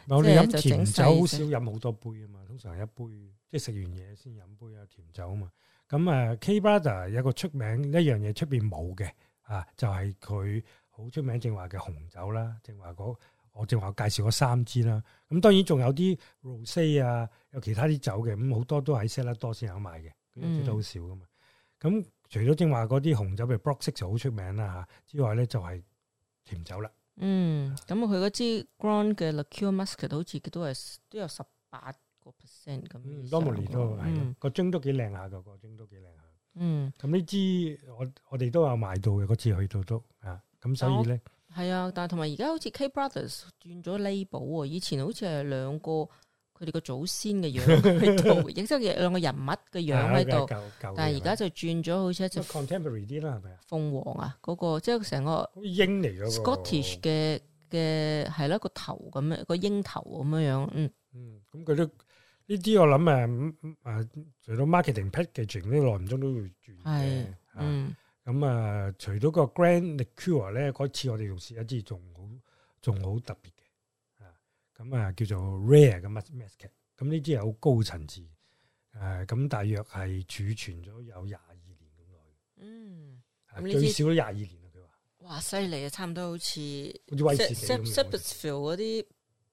嗯、我哋飲即係甜酒好少飲好多杯啊嘛，通常一杯即係食完嘢先飲杯啊甜酒啊嘛。咁啊，Kay Brothers 有個出名一樣嘢出邊冇嘅啊，就係佢好出名正話嘅紅酒啦，正話嗰。我正話介紹個三支啦，咁當然仲有啲 Rosé 啊，有其他啲酒嘅，咁好多都喺 set 得多先有賣嘅，一支都好少噶嘛。咁除咗正話嗰啲紅酒譬 b r o x u 就好出名啦吓，之外咧就係甜酒啦。嗯，咁佢嗰支 Grand o 嘅 Liqueur Muscat 好似都係都、嗯、都有十八個 percent 咁。嗯 d o m a l l y 都係，個樽都幾靚下噶，個樽都幾靚下。嗯，咁呢支我我哋都有賣到嘅，嗰次去到都啊，咁所以咧。嗯係啊，但係同埋而家好似 Kay Brothers 轉咗 label 啊，以前好似係兩個佢哋個祖先嘅樣喺度，亦即係兩個人物嘅樣喺度， 但係而家就轉咗，好似一隻 contemporary 啲啦，係咪啊？鳳 凰啊，嗰、嗰個即係成個鷹嚟咗，Scottish 嘅嘅係咯個頭咁樣，個鷹頭咁樣樣，嗯嗯，咁佢都呢啲我諗誒，誒、啊啊，除咗 marketing packaging 呢，耐唔中都會轉。嗯。嗯咁啊，除咗個 grand cure 咧，嗰次我哋仲試一支仲好，仲好特別嘅，啊，咁啊叫做 rare 嘅 Muscat 咁呢支有高層次，誒，咁大約係儲存咗有廿二年咁耐，嗯，咁最少都廿二年啊，佢話，哇，犀利啊，差唔多好似 Seppeltsfield 嗰啲，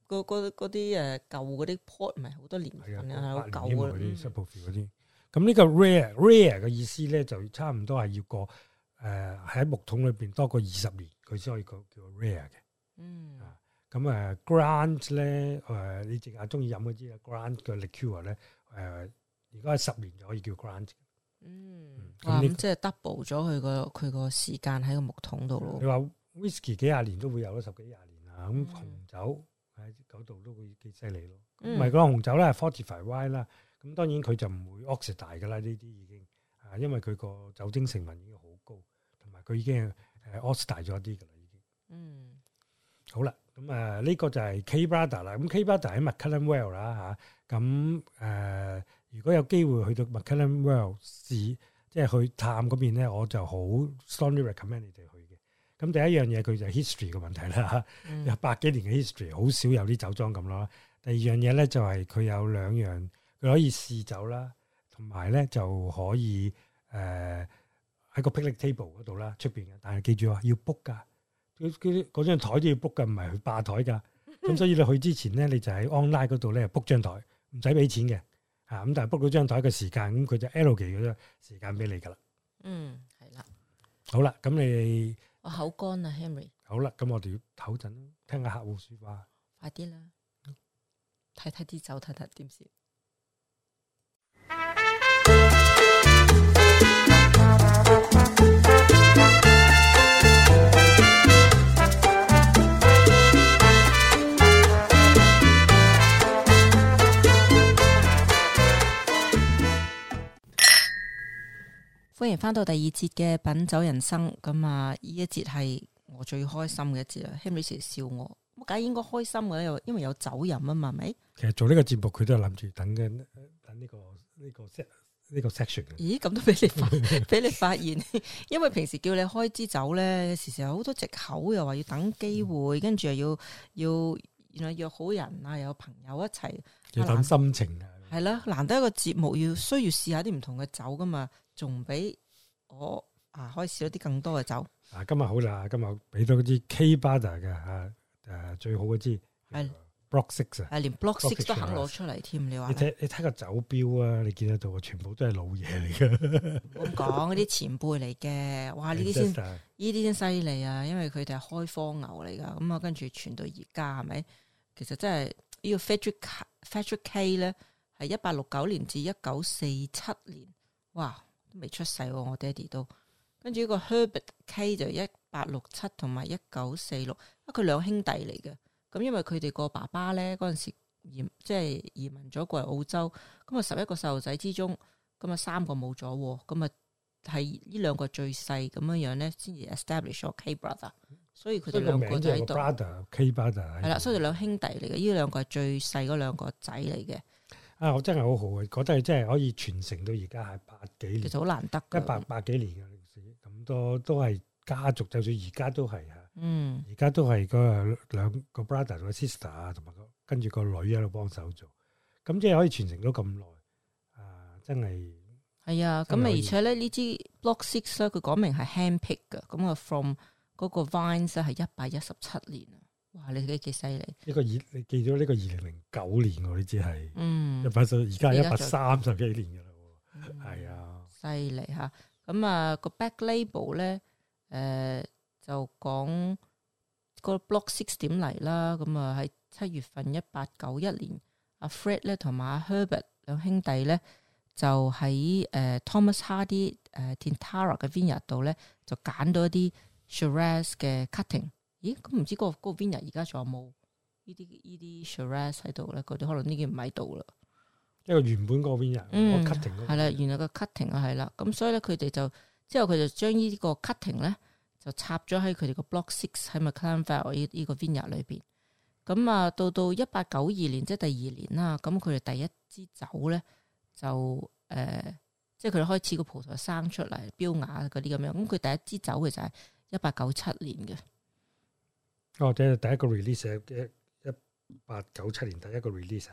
嗰啲誒舊嗰啲 port，r 唔係好多年，係啊，舊嗰啲 Seppeltsfield 嗰啲。咁呢個 rare rare 嘅意思咧，就差唔多係要過誒喺、呃、木桶裏邊多過二十年，佢先可以叫叫 rare 嘅。嗯啊，咁啊 grand 咧誒，你淨係中意飲嗰啲啊 grand 嘅 liqueur 咧誒，如果係十年就可以叫 grand、e 嗯。嗯，啊、這、咁、個、即係 double 咗佢個佢個時間喺個木桶度咯，嗯。你話 whisky 幾廿年都會有啦，十幾廿年啊。咁，嗯、紅酒喺九度都會幾犀利咯。唔係嗰個紅酒咧 fortified wine 啦。咁當然佢就唔會 oxidize 噶啦，呢啲已經啊，因為佢個酒精成分已經好高，同埋佢已經誒 oxidize 咗啲噶啦，已經、嗯。嗯，好啦，咁啊呢個就係 Kay Brothers 啦。咁 Kay Brothers 喺 McLaren Vale 啦嚇，咁誒、嗯 um 啊呃、如果有機會去到 McLaren、um、Vale 試，即係去探嗰邊咧，我就好 strongly recommend 你哋去嘅。咁、嗯、第一樣嘢佢就係 history 嘅問題啦嚇，嗯、有百幾年嘅 history，好少有啲酒莊咁咯。第二樣嘢咧就係、是、佢有兩樣。你可以試酒啦，同埋咧就可以誒喺、呃、個 picnic table 嗰度啦，出邊嘅。但係記住啊，要 book 噶，佢嗰張台都要 book 噶，唔係去霸台噶。咁 所以你去之前咧，你就喺 online 嗰度咧 book 張台，唔使俾錢嘅吓。咁、啊、但係 book 到張台嘅時間，咁佢就 allow 嘅時間俾你噶啦。嗯，係啦。好啦，咁你我口乾啊，Henry。好啦，咁我哋要唞陣咯，聽下客戶說話。快啲啦，睇睇啲酒，睇睇點先。歡迎翻到第二節嘅品酒人生咁啊！呢一節係我最開心嘅一節啊！Henry 笑我，我梗係應該開心嘅啦，因為有酒飲啊嘛，咪。其實做呢個節目，佢都係諗住等嘅、這個，等、這、呢個呢、這個 s e 呢個 section。咦？咁都俾你俾 你發現，因為平時叫你開支酒咧，時時有好多借口，又話要等機會，跟住又要要原來約好人啊，有朋友一齊，要等心情啊。係啦，難得一個節目要需要試下啲唔同嘅酒噶嘛。仲俾我啊，開始咗啲更多嘅酒啊！今日好啦，今日俾多支 Kay Brother 嘅啊，誒，最好嗰支係 block six 啊，係連 block six lock 都肯攞出嚟添、啊，你話？你睇你睇個酒標啊，你見得到啊，全部都係老嘢嚟嘅，我唔講嗰啲前輩嚟嘅，哇！呢啲先呢啲先犀利啊，因為佢哋係開荒牛嚟噶，咁、嗯、啊跟住傳到而家係咪？其實真係呢、呢個 Frederick Frederick Kay 咧，係一八六九年至一九四七年，哇！哇哇未出世，啊，我爹哋都跟住呢個 Herbert K 就一八六七同埋一九四六，啊佢兩兄弟嚟嘅。咁因為佢哋個爸爸咧，嗰陣時移即係移民咗過嚟澳洲，咁啊十一個細路仔之中，咁啊三個冇咗，咁啊係呢兩個最細咁樣樣咧，先至 establish 咗 K brother，所以佢哋兩個就喺度。K brother 係啦，所以兩兄弟嚟嘅，呢兩個係最細嗰兩個仔嚟嘅。啊！我真係好好啊。覺得係真係可以傳承到而家係百幾年，其實好難得嘅一百百幾年嘅歷史，咁多都係家族，就算而家都係啊。嗯，而家都係嗰兩個 brother 同個 sister 啊，同埋嗰跟住個女喺度幫手做，咁即係可以傳承到咁耐，啊，真係係啊！咁啊呀，而且咧呢支 block six 咧，佢講明係 hand pick 嘅，咁啊、嗯、from 嗰個 vines 咧係一百一十七年，哇！你睇幾犀利？呢個二你記咗呢個二零零九年，你知係一百歲，而家一百三十幾年嘅啦，係啊！犀利嚇！咁啊個 back label 咧，誒就講個 block six 點嚟啦。咁啊喺七月份一八九一年，阿 Fred 咧同埋阿 Herbert 兩兄弟咧，就喺誒 Thomas Hardy 誒 Tintara 嘅 vineyard 度咧，就揀到一啲 Shiraz 嘅 cutting。咦，咁唔知、嗰個、嗰個 vineyard 而家仲有冇、er、呢啲呢啲 Shiraz 喺度咧？佢哋可能呢件唔喺度啦。一個原本個 vineyard、嗯，個 cutting 係啦，原來個 cutting 啊係啦。咁所以咧，佢哋就之後佢就將呢個 cutting 咧，就插咗喺佢哋個 block six 喺 McLaren Vale 呢個 vineyard 裏邊。咁啊，到到一八九二年，即、就、係、是、第二年啦。咁佢哋第一支酒咧就誒，即係佢哋開始個葡萄生出嚟，標雅嗰啲咁樣。咁佢第一支酒其實係一八九七年嘅。哦，即係第一個 release 一一八九七年第一個 release，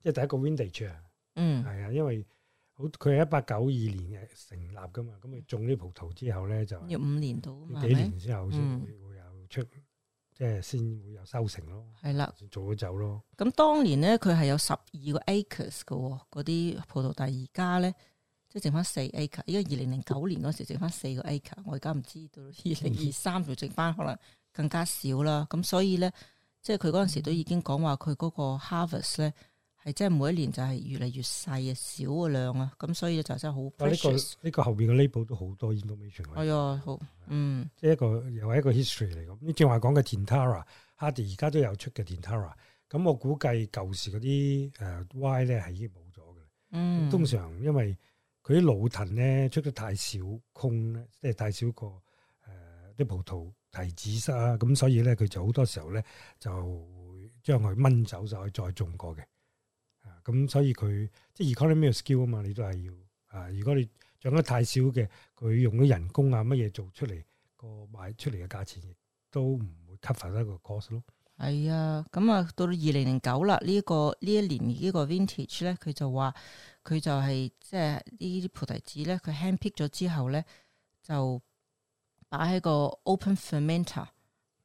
即係第一個 vintage，嗯，係啊，因為好佢係一八九二年成立噶嘛，咁佢種啲葡萄之後咧就要、要五年到，要幾年之後先會有出，嗯、即係先會有收成咯。係啦、嗯，做咗走咯。咁當年咧佢係有十二個 acres 嘅，嗰啲葡萄，但係而家咧即係剩翻四 acres，因為二零零九年嗰時剩翻四個 acre，我而家唔知到二零二三就剩翻、嗯、可能。更加少啦，咁所以咧，即係佢嗰陣時都已經講話佢嗰個 harvest 咧，係即係每一年就係越嚟越細啊，少嘅量啊，咁所以就真係好。呢、這個呢、這個後邊嘅 label 都好多 information。哎呀、oh yeah，好，嗯，即係一個又係一個 history 嚟咁。正話講嘅 Tintara，哈迪而家都有出嘅 Tintara，咁我估計舊時嗰啲誒 Y 咧係已經冇咗嘅。嗯，通常因為佢啲老藤咧出得太少，空咧即係太少個誒啲葡萄。提子失啊，咁所以咧，佢就好多時候咧就將佢掹走就晒，再種過嘅。啊，咁所以佢即係 economy skill 啊嘛，你都係要啊。如果你種得太少嘅，佢用咗人工啊乜嘢做出嚟，個買出嚟嘅價錢，亦都唔會 cut 翻一個 cost 咯。係啊，咁啊到二零零九啦，呢、呢個呢一年個呢個 vintage 咧，佢就話佢就係、是、即係呢啲菩提子咧，佢 hand pick 咗之後咧就。打喺個 open fermenter，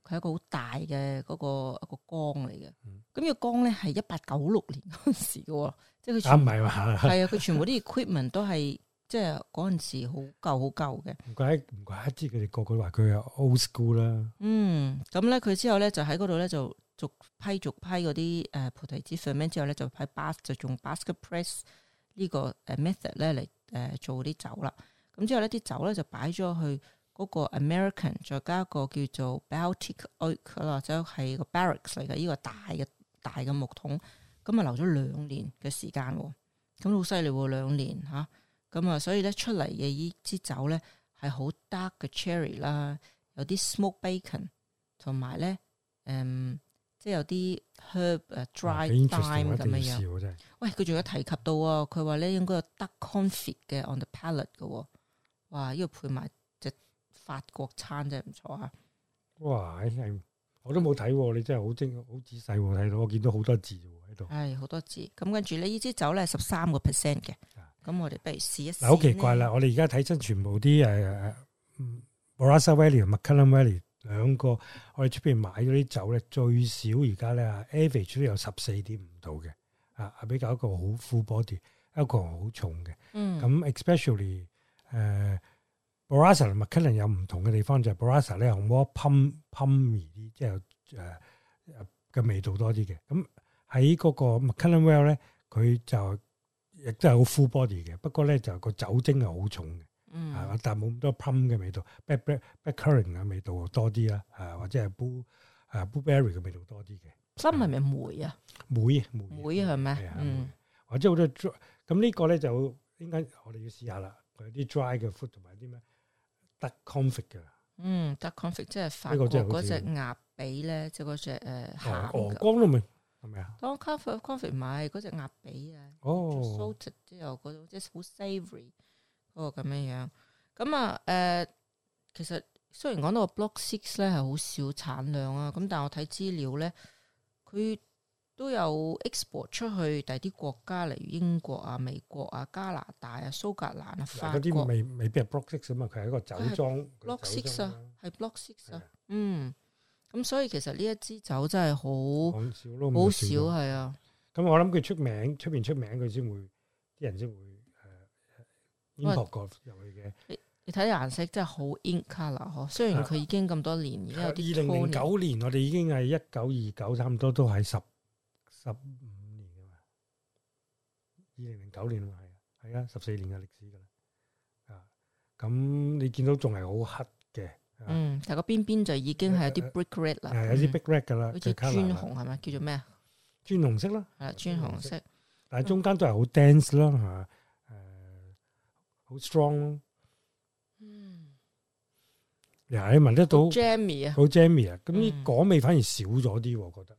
佢係一個好大嘅嗰、那個一個缸嚟嘅。咁、嗯、個缸咧係一八九六年嗰陣時嘅、哦，即係佢。唔係嘛，係啊全，佢 全部啲 equipment 都係即係嗰陣時好舊好舊嘅。唔怪唔怪，知佢哋個個話佢係 old school 啦。嗯，咁咧佢之後咧就喺嗰度咧就逐批逐批嗰啲誒、呃、菩提子 ferment、er、之後咧就喺 bar 就用 basket press 呢個誒 method 咧嚟誒做啲酒啦。咁、嗯、之後呢啲酒咧就擺咗去。嗰個 American 再加一個叫做 Baltic Oak 或者係個 Barracks 嚟嘅，呢個大嘅大嘅木桶，咁啊留咗兩年嘅時間喎，咁好犀利喎，兩年吓，咁啊所以咧出嚟嘅依支酒咧係好 dark 嘅 cherry 啦，cherry，有啲 smoked bacon 同埋咧，誒、嗯、即係有啲 herb、uh, dried thyme 咁樣樣。喂，佢仲有提及到，佢話咧應該有 duck confit 嘅 on the palate 嘅，哇！呢個配埋。法國餐真係唔錯啊！哇，係我都冇睇，你真係好精好仔細睇、啊、到，我見到好多字喺度。係好、哎、多字，咁跟住咧，呢支酒咧十三個 percent 嘅。咁、嗯、我哋不如試一試。嗱，好奇怪啦！我哋而家睇真全部啲誒 Barossa、uh, Valley 同 McLaren、um、Valley 兩個，我哋出邊買咗啲酒咧，最少而家咧 average 都有十四點五度嘅。啊，比較一個好 full body，一個好重嘅。咁、嗯、especially 誒、呃。Barossa 同 McLaren Vale 有唔同嘅地方，就係 Barossa 咧，紅 more plum plummy 啲，即係誒嘅味道多啲嘅。咁喺嗰個 McLaren Vale 咧，佢就亦都係好 full body 嘅，不過咧就個酒精係好重嘅，嗯，啊、但冇咁多 plum 嘅味道，black black blackcurrant 嘅味道多啲啦，啊或者係 boo 啊 blueberry 嘅味道多啲嘅。plum 係咪梅啊？梅梅係咪？啊梅嗯、或者好多 dry 咁呢個咧就應該我哋要試下啦？有啲 dry 嘅 foot 同埋啲咩？得 confit 嘅，嗯，得 confit 即係法國嗰隻鴨髀咧，即係嗰隻誒鹹鵝肝都明係咪啊？當 confit confit 唔嗰隻鴨髀啊，哦，sauté 即係嗰種即係好 savory 嗰個咁樣樣。咁啊，誒、呃，其實雖然講到 block six 咧係好少產量啊，咁但係我睇資料咧，佢，都有 export 出去第啲國家，例如英國啊、美國啊、加拿大啊、蘇格蘭啊、法國嗱，嗰啲未未必係 block six 啊嘛，佢係一個酒莊。block six 啊，係 block six 啊，嗯，咁所以其實呢一支酒真係好，好少係啊。咁我諗佢出名，出面出名佢先會，啲人先會誒 import 過入去嘅。你睇顏色真係好 in colour 呵，雖然佢已經咁多年，而家有啲二零零九年，我哋已經係一九二九，差唔多都係十。十五年㗎嘛，二零零九年啊嘛，係啊，係啊，十四年嘅歷史噶啦，啊，咁你見到仲係好黑嘅，嗯，但係個邊邊就已經係有啲 brick red 啦，係有啲 brick red 噶啦，好似磚紅係咪？叫做咩啊？磚紅色咯，係磚紅色，但係中間都係好 dense 咯，吓，誒，好 strong 咯，嗯，呀，你聞得到 jammy 啊，好 jammy 啊，咁啲果味反而少咗啲，我覺得。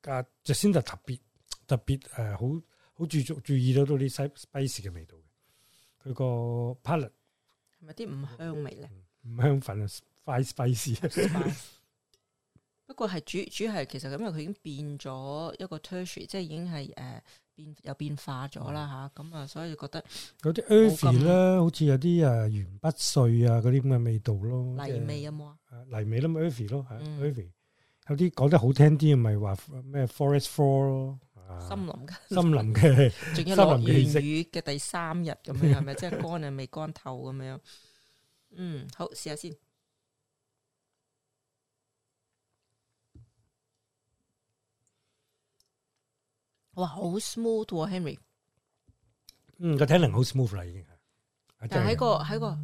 噶就先就特別特別誒，好、呃、好注重注意到到啲 spice 嘅味道嘅，佢個 palate 係咪啲五香味咧？五香、嗯、香粉啊，spice spice。不過係主主要係其實咁樣，佢已經變咗一個 turkey 即係已經係誒變又變，變化咗啦吓。咁啊，所以覺得有啲 earthy 咧，好似有啲誒鉛筆碎啊，嗰啲咁嘅味道咯，泥味有冇啊？泥味咁 earthy 咯，係 earthy。有啲講得好聽啲，咪話咩 forest floor 咯，森林嘅森林嘅，仲要落雨嘅第三日咁樣，係咪即係乾啊未乾透咁樣？嗯，好試下先。哇，好 smooth 喎，Henry。嗯，個聽力好 smooth 啦，已經。但係喺個喺個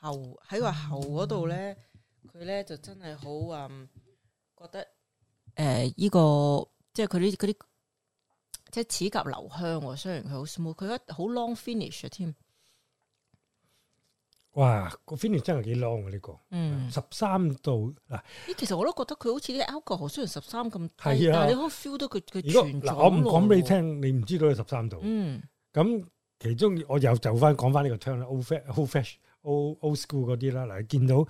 喉喺個喉嗰度咧，佢咧就真係好嗯。覺得誒，依、呃這個即係佢啲啲，即係齒頰留香。雖然佢好 smooth，佢好 long finish 嘅添。哇，這個 finish 真係幾 long 啊！呢、這個，嗯度，十三度嗱。其實我都覺得佢好似啲 alcohol 河，雖然十三咁低，係啊，但你你好 feel 到佢佢果全咗長、呃。我唔講俾你聽，嗯、你唔知道佢十三度。嗯，咁其中我又就翻講翻呢個 term 啦，好 fresh，好 fresh。old old school 嗰啲啦，嗱你見到誒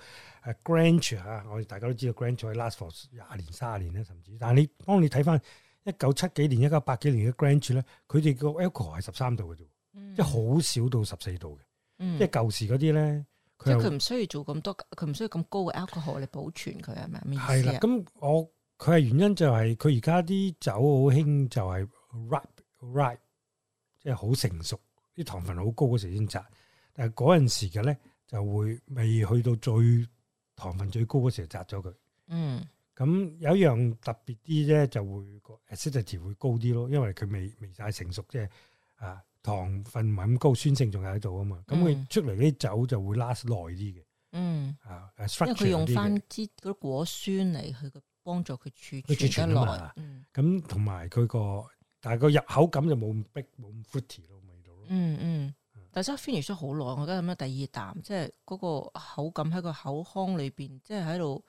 grange 我哋大家都知道 grange 喺 last for 廿年三十年咧，甚至，但你幫你睇翻一九七幾年、一九八幾年嘅 grange 咧，佢哋個 alcohol 係十三度嘅啫，即係好少到十四度嘅，30，嗯、即係舊時嗰啲咧，即係佢唔需要做咁多，佢唔需要咁高嘅 alcohol 嚟保存佢係咪？係啦，咁我佢係原因就係佢而家啲酒好興就係 ripe ripe，即係好成熟，啲糖分好高嗰時先摘。誒嗰陣時嘅咧就會未去到最糖分最高嗰時候摘咗佢。嗯，咁有一樣特別啲咧就會 acidity 會高啲咯，因為佢未未曬成熟，即係啊糖分唔係咁高，酸性仲喺度啊嘛。咁佢、嗯、出嚟啲酒就會 last 耐啲嘅。嗯，啊，因為佢用翻啲果酸嚟去幫助佢儲存儲得耐。嗯，咁同埋佢個但係個入口感就冇咁逼，冇咁 funky 咯味道咯、嗯。嗯嗯。但係收 finish 咗好耐，我而家飲咗第二啖，即係嗰個口感喺個口腔裏邊，即係喺度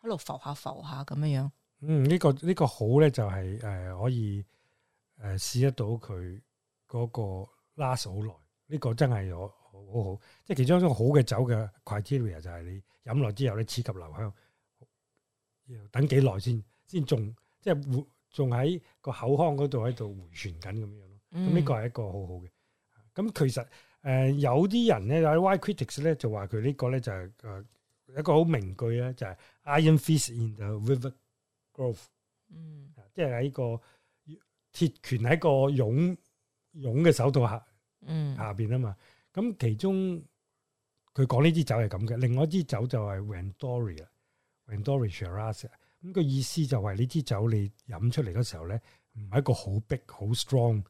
喺度浮下浮下咁樣樣。嗯，呢、這個呢、這個好咧，就係、是、誒、呃、可以誒試、呃、得到佢嗰個 last 好耐，呢、這個真係我好好即係其中一種好嘅酒嘅 criteria 就係你飲落之後，你齒頰留香，要等幾耐先先仲即係仲喺個口腔嗰度喺度回旋緊咁樣咯。咁呢、嗯、個係一個好好嘅。咁、嗯、其實誒有啲人咧，有啲 wine critics 咧就話佢呢個咧就係誒一個好名句啊，就係、是、iron fist in a velvet glove，嗯，即係喺個鐵拳喺個擁擁嘅手套下，下，嗯，下邊啊嘛。咁其中佢講呢支酒係咁嘅，另外一支酒就係 vendoria，vendoria rasa、嗯。咁、那個意思就係呢支酒你飲出嚟嗰時候咧，唔係一個好逼好 strong。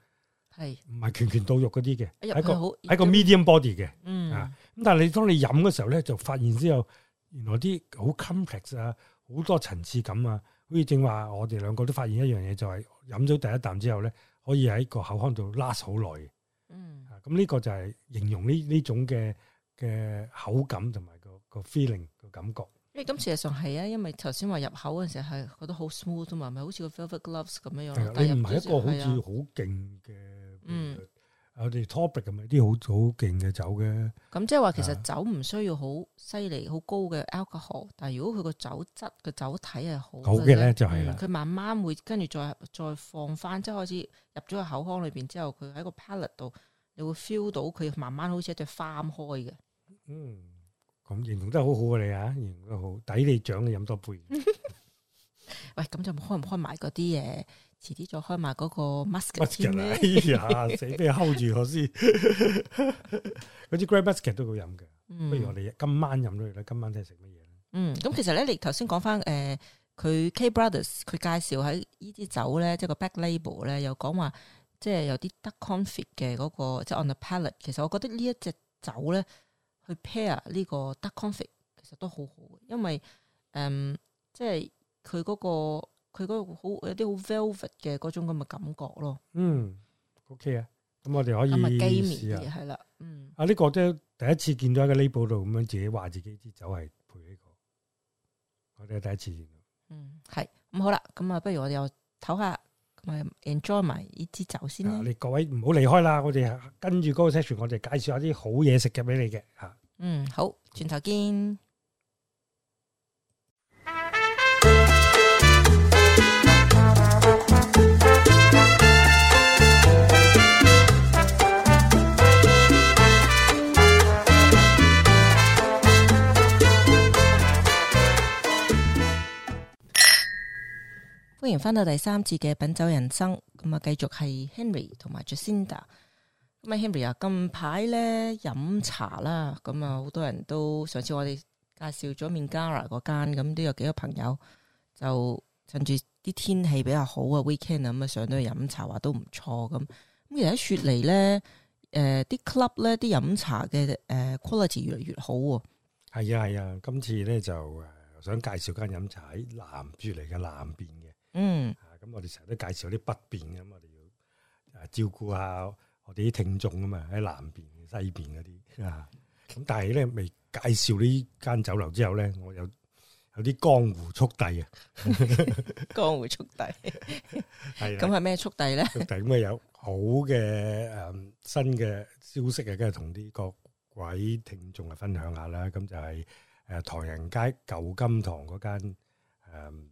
係唔係拳拳到肉嗰啲嘅？係個係個 medium body 嘅。嗯。啊，咁但係你當你飲嘅時候咧，就發現之後，原來啲好 complex 啊，好多層次感啊，好似正話我哋兩個都發現一樣嘢，就係飲咗第一啖之後咧，可以喺個口腔度 last 好耐。嗯、啊。咁、嗯、呢、嗯、個就係形容呢呢種嘅嘅口感同埋個個 feeling 嘅感覺。誒，咁事實上係啊，因為頭先話入口嗰陣時係覺得好 smooth，哈哈，好 smooth 啊嘛，咪好似個 velvet gloves 咁樣樣。但啊、你唔係一個好似好勁嘅。嗯，嗯我哋 topic 咁咪啲好好勁嘅酒嘅。咁、嗯、即係話，其實酒唔需要好犀利、好高嘅 alcohol，但係如果佢個酒質、個酒體係好。好嘅咧，就係、是、啦。佢、嗯、慢慢會跟住再再放翻，即係開始入咗個口腔裏邊之後，佢喺個 palate 度，你會 feel 到佢慢慢好似一朵花一樣開嘅。嗯，咁形容得好好啊，你啊，形容得好，抵你獎你飲多杯。 喂，咁就開唔開埋嗰啲嘢。遲啲再開埋嗰個 Muscat 咧，cat，哎死 hold 住 我先，嗰啲 grey Muscat 都好飲噶。嗯、不如我哋今晚飲咗佢啦，今晚即係食乜嘢咧？嗯，咁其實咧，你頭先講翻誒，佢、呃、K Brothers 佢介紹喺呢啲酒咧，即係個 back label 咧，又講話即係有啲 duck confit 嘅嗰、那個，即係 on the palate，其實我覺得一呢一隻酒咧，去 pair 呢個 duck confit 其實都好好，因為嗯，即係佢嗰個。佢嗰個好有啲好 velvet 嘅嗰種咁嘅感覺咯。嗯，OK 啊，咁我哋可以試啊，係啦，嗯。啊，呢、這個都第一次見到喺個 label 度咁樣自己話自己支酒係配呢個，我哋係第一次見到。嗯，係，咁好啦，咁啊，不如我哋又唞下，咁啊 enjoy 埋呢支酒先啦，啊。你各位唔好離開啦，我哋跟住嗰個 session，我哋介紹下啲好嘢食嘅俾你嘅嚇。啊、嗯，好，轉頭見。歡迎翻到第三次嘅品酒人生，咁啊，繼續係 Henry 同埋 Jacinda。咁啊，Henry 啊，近排咧，飲茶啦，咁啊，好多人都上次我哋介紹咗 Mingara 嗰間，咁都有幾個朋友就趁住啲天氣比較好啊，weekend 咁啊，上到去飲茶，話都唔錯咁。咁其實喺雪梨咧，誒，啲 club 咧，啲飲茶嘅誒 quality 越嚟越好。係啊，係啊，今次咧就誒想介紹間飲茶喺南雪梨嘅南邊。嗯，咁我哋成日都介紹啲北邊，咁我哋要誒照顧下我哋啲聽眾啊嘛，喺南邊、西邊嗰啲啊。咁但係咧未介紹呢間酒樓之後咧，我有有啲江湖速遞啊，江湖速遞。係啊，咁係咩速遞咧？速遞咁啊有好嘅誒新嘅消息啊，跟住同啲各位聽眾啊分享下啦。咁就係誒唐人街舊金唐嗰間誒。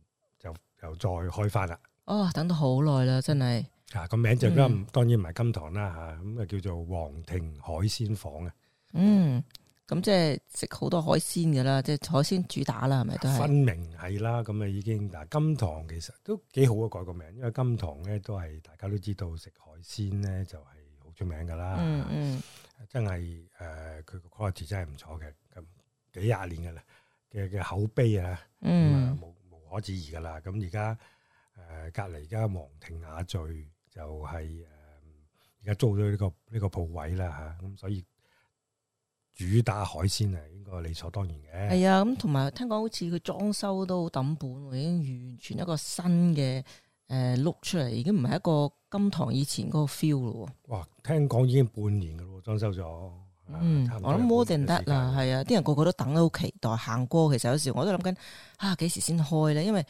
又再開翻啦！哦，等到好耐啦，真係啊！個名就咁、是，嗯、當然唔係金唐啦嚇，咁啊叫做皇庭海鮮房啊、嗯。嗯，咁、嗯嗯、即係食好多海鮮噶啦，即係海鮮主打啦，係咪都係？分明係啦，咁啊已經嗱金唐其實都幾好啊，改個名，因為金唐咧都係大家都知道食海鮮咧就係好出名噶啦。嗯，嗯、啊、真係誒，佢個 quality 真係唔錯嘅，咁幾廿年噶啦嘅嘅口碑啊，嗯冇。嗯我指疑噶啦，咁而家誒隔籬而家皇庭雅聚就係誒而家租咗呢、這個呢、這個鋪位啦吓，咁、啊、所以主打海鮮啊，應該理所當然嘅。係啊、哎，咁同埋聽講好似佢裝修都好抌本，已經完全一個新嘅誒碌出嚟，已經唔係一個金唐以前嗰個 feel 咯。哇！聽講已經半年噶咯，裝修咗。嗯，我諗 model 唔得啦，係啊，啲人個個都等得好期待，嗯、行過其實有時我都諗緊，啊，幾時先開咧？因為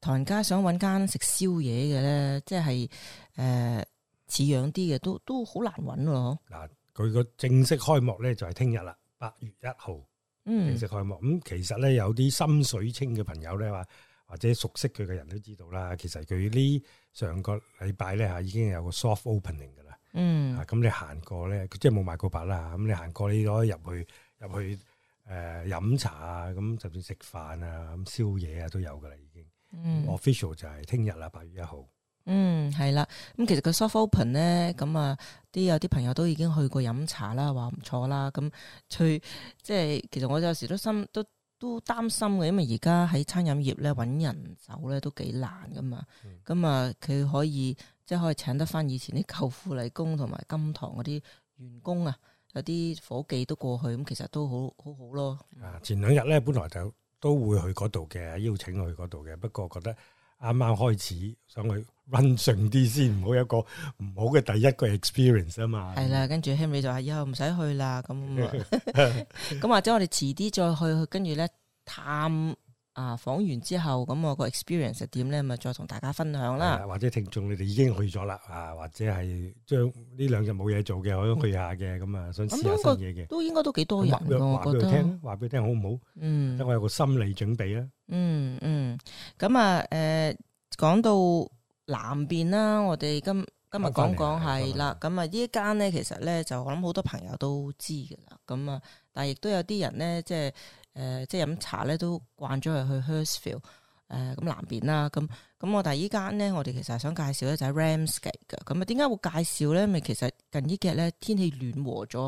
唐人街想搵間食宵夜嘅咧，即係誒、呃、似樣啲嘅都都好難搵咯、啊。嗱，佢個正式開幕咧就係聽日啦，八月一號，嗯正式開幕。咁其實咧有啲心水清嘅朋友咧話，或者熟悉佢嘅人都知道啦，其實佢呢上個禮拜咧吓已經有個 soft opening 噶啦。嗯，咁、啊、你行過咧，佢即係冇買過板啦。咁你行過，你可以入去入去誒飲、呃、茶就啊，咁就算食飯啊，咁宵夜啊都有噶啦，已經。official 就係聽日啦，八月一號。嗯，係啦。咁其實個 soft open 咧，咁啊，啲有啲朋友都已經去過飲茶啦，話唔錯啦。咁最即係，其實我有時都心都都擔心嘅，因為而家喺餐飲業咧搵人手咧都幾難噶嘛。咁啊、嗯，佢可以。即係可以請得翻以前啲舊富麗宮同埋金堂嗰啲員工啊，有啲夥計都過去，咁其實都好好好咯。啊，前兩日咧，本來就都會去嗰度嘅，邀請去嗰度嘅，不過覺得啱啱開始，想去温順啲先，唔好有個唔好嘅第一個 experience 啊嘛。係啦，跟住希美就話以後唔使去啦，咁咁或者我哋遲啲再去，跟住咧探。啊！訪完之後，咁我個 experience 係點咧？咪再同大家分享啦、啊。或者聽眾你哋已經去咗啦，啊，或者係將呢兩日冇嘢做嘅，可以去下嘅，咁啊、嗯，想試下新嘢嘅，嗯、應該都應該都幾多人我覺得。話俾佢聽話俾佢聽好唔好？嗯，等我有個心理準備啦、嗯。嗯嗯，咁、嗯、啊，誒、嗯，講到南邊啦，我哋今今日講講係啦，咁啊呢間咧，一其實咧就我諗好多朋友都知噶啦，咁啊，但係亦都有啲人咧，即係。誒、呃，即係飲茶咧，都慣咗係去 Hurstville 誒咁南邊啦。咁咁，我第係依間咧，我哋其實係想介紹咧，就係 Ramsgate 嘅。咁啊，點解會介紹咧？咪其實近呢幾日咧，天氣暖和咗。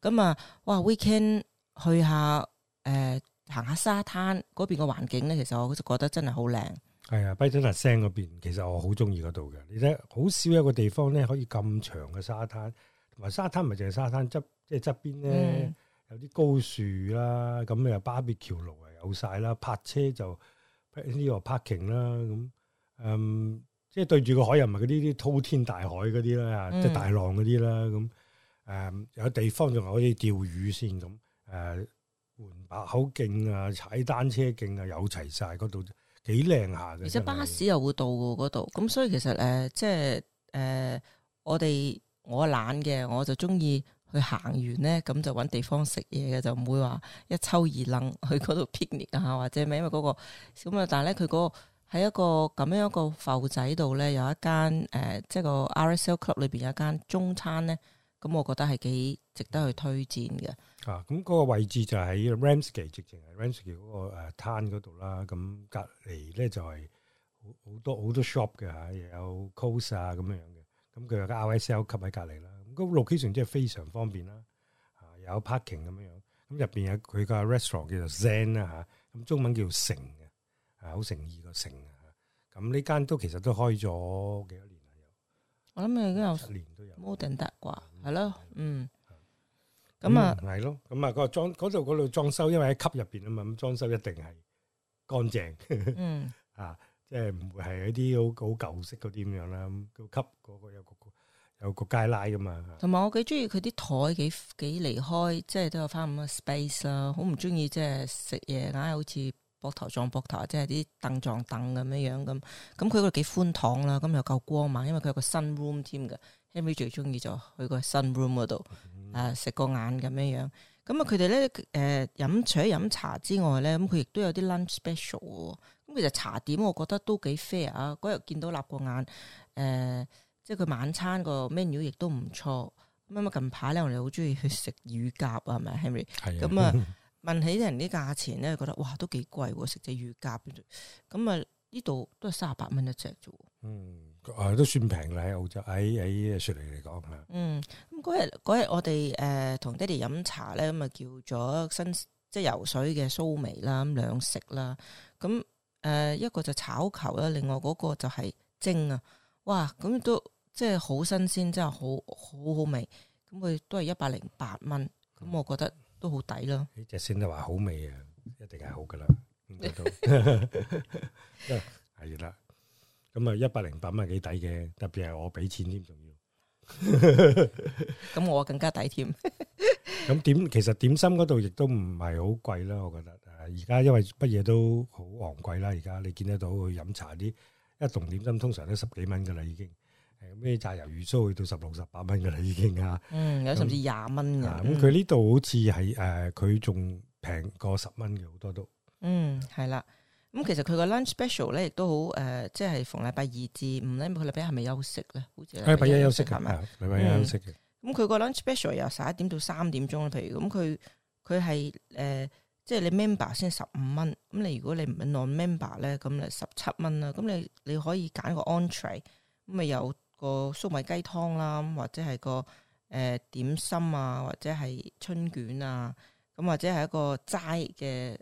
咁、嗯、啊，哇，Weekend 去下，誒、呃、行下沙灘嗰邊嘅環境咧，其實我就覺得真係好靚。係啊 Brighton Le Sands 嗰邊，其實我好中意嗰度嘅。而且好少一個地方咧，可以咁長嘅沙灘，同埋沙灘咪淨係沙灘側，即係側邊咧。嗯有啲高樹啦，咁又巴比橋路啊，有曬啦。泊車就呢個泊 king 啦，咁嗯，即係對住個海又唔係嗰啲啲滔天大海嗰啲啦，即係大浪嗰啲啦，咁誒有地方仲可以釣魚先，咁誒，玩、呃、白口徑啊，踩單車徑啊，有齊晒嗰度幾靚下嘅。而且巴士又會到嗰度，咁所以其實誒、呃、即係誒我哋我懶嘅，我就中意。去行完咧，咁就揾地方食嘢嘅，就唔會話一抽二愣去嗰度 picnic 啊，或者咩？因為嗰、那個咁啊，但係咧佢嗰個喺一個咁樣一個埠仔度咧，有一間誒、呃，即係個 RSL Club 裏邊有一間中餐咧，咁我覺得係幾值得去推薦嘅。啊、咁、嗯、嗰、那個位置就喺 Ramsgate，直情係 Ramsgate 嗰個誒灘嗰度啦。咁隔籬咧就係、是、好多好多 shop 嘅又、啊、有 coast 啊咁樣嘅。咁佢有個 RSL Club 喺隔籬啦。個 location 即係非常方便啦，吓有 parking 咁樣樣，咁入邊有佢個 restaurant 叫做 Zen 啦吓，咁中文叫誠嘅，係好誠意個誠啊！咁呢間都其實都開咗幾多年啦，又我諗佢已經有十年都有，modern 啲啩，係咯，嗯，咁啊係咯，咁啊個裝嗰度嗰度裝修，因為喺吸入邊啊嘛，咁裝修一定係乾淨，嗯，啊，即係唔會係一啲好好舊式嗰啲咁樣啦，咁吸嗰個有個。有個街拉噶嘛，同埋我幾中意佢啲台幾幾離開，即係都有翻咁嘅 space 啦。好唔中意即係食嘢硬係好似膊頭撞膊頭，即係啲凳撞凳咁樣樣咁。咁佢嗰度幾寬敞啦，咁又夠光猛，因為佢有個 sun room 添㗎，Henry 最中意就去個 sun room 嗰度啊，食個眼咁樣樣。咁啊佢哋咧誒飲除咗飲茶之外咧，咁佢亦都有啲 lunch special。咁其實茶點我覺得都幾 fair 啊。嗰日見到立個眼誒。呃即係佢晚餐個 menu 亦都唔錯。咁啊，近排咧我哋好中意去食乳鴿啊，係咪 Henry？咁啊係、嗯，問起啲人啲價錢咧，覺得哇都幾貴喎，食隻乳鴿。咁、嗯、啊，呢度都係三十八蚊一隻啫。嗯，啊都算平啦喺澳洲喺喺雪梨嚟講啊。嗯，咁嗰日嗰日我哋誒同爹哋飲茶咧，咁啊叫咗新即係游水嘅蘇眉啦，咁兩食啦。咁誒一個就炒球啦，另外嗰個就係蒸啊。哇！咁都～即係好新鮮，真係好好好味，咁佢都係一百零八蚊，咁我覺得都好抵咯。只先得話好味啊，一定係好噶啦，係啦。咁啊，一百零八蚊幾抵嘅，特別係我俾錢添，仲要，咁 我更加抵添。咁 點其實點心嗰度亦都唔係好貴啦，我覺得。而家因為乜嘢都好昂貴啦，而家你見得到去飲茶啲一籠點心，通常都十幾蚊噶啦，已經。誒，咩炸油魚酥去到十六、十八蚊噶啦，已經啊！嗯，有甚至廿蚊嘅。咁佢呢度好似係誒，佢仲平過十蚊嘅好多都。嗯，係啦。咁其實佢個 lunch special 咧，亦都好誒，即、呃、係、就是、逢禮拜二至五咧，佢禮拜係咪休息咧？好似禮拜一休息係咪？禮拜一休息嘅。咁佢個 lunch special 由十一點到三點鐘，譬如咁，佢佢係誒，即、嗯、係、嗯呃就是、你 member 先十五蚊。咁你如果你唔係 non member 咧，咁咧十七蚊啦。咁你你可以揀個 entrée 咁咪有，個粟米雞湯啦、啊，或者係個誒、呃、點心啊，或者係春卷啊，咁、嗯、或者係一個齋嘅誒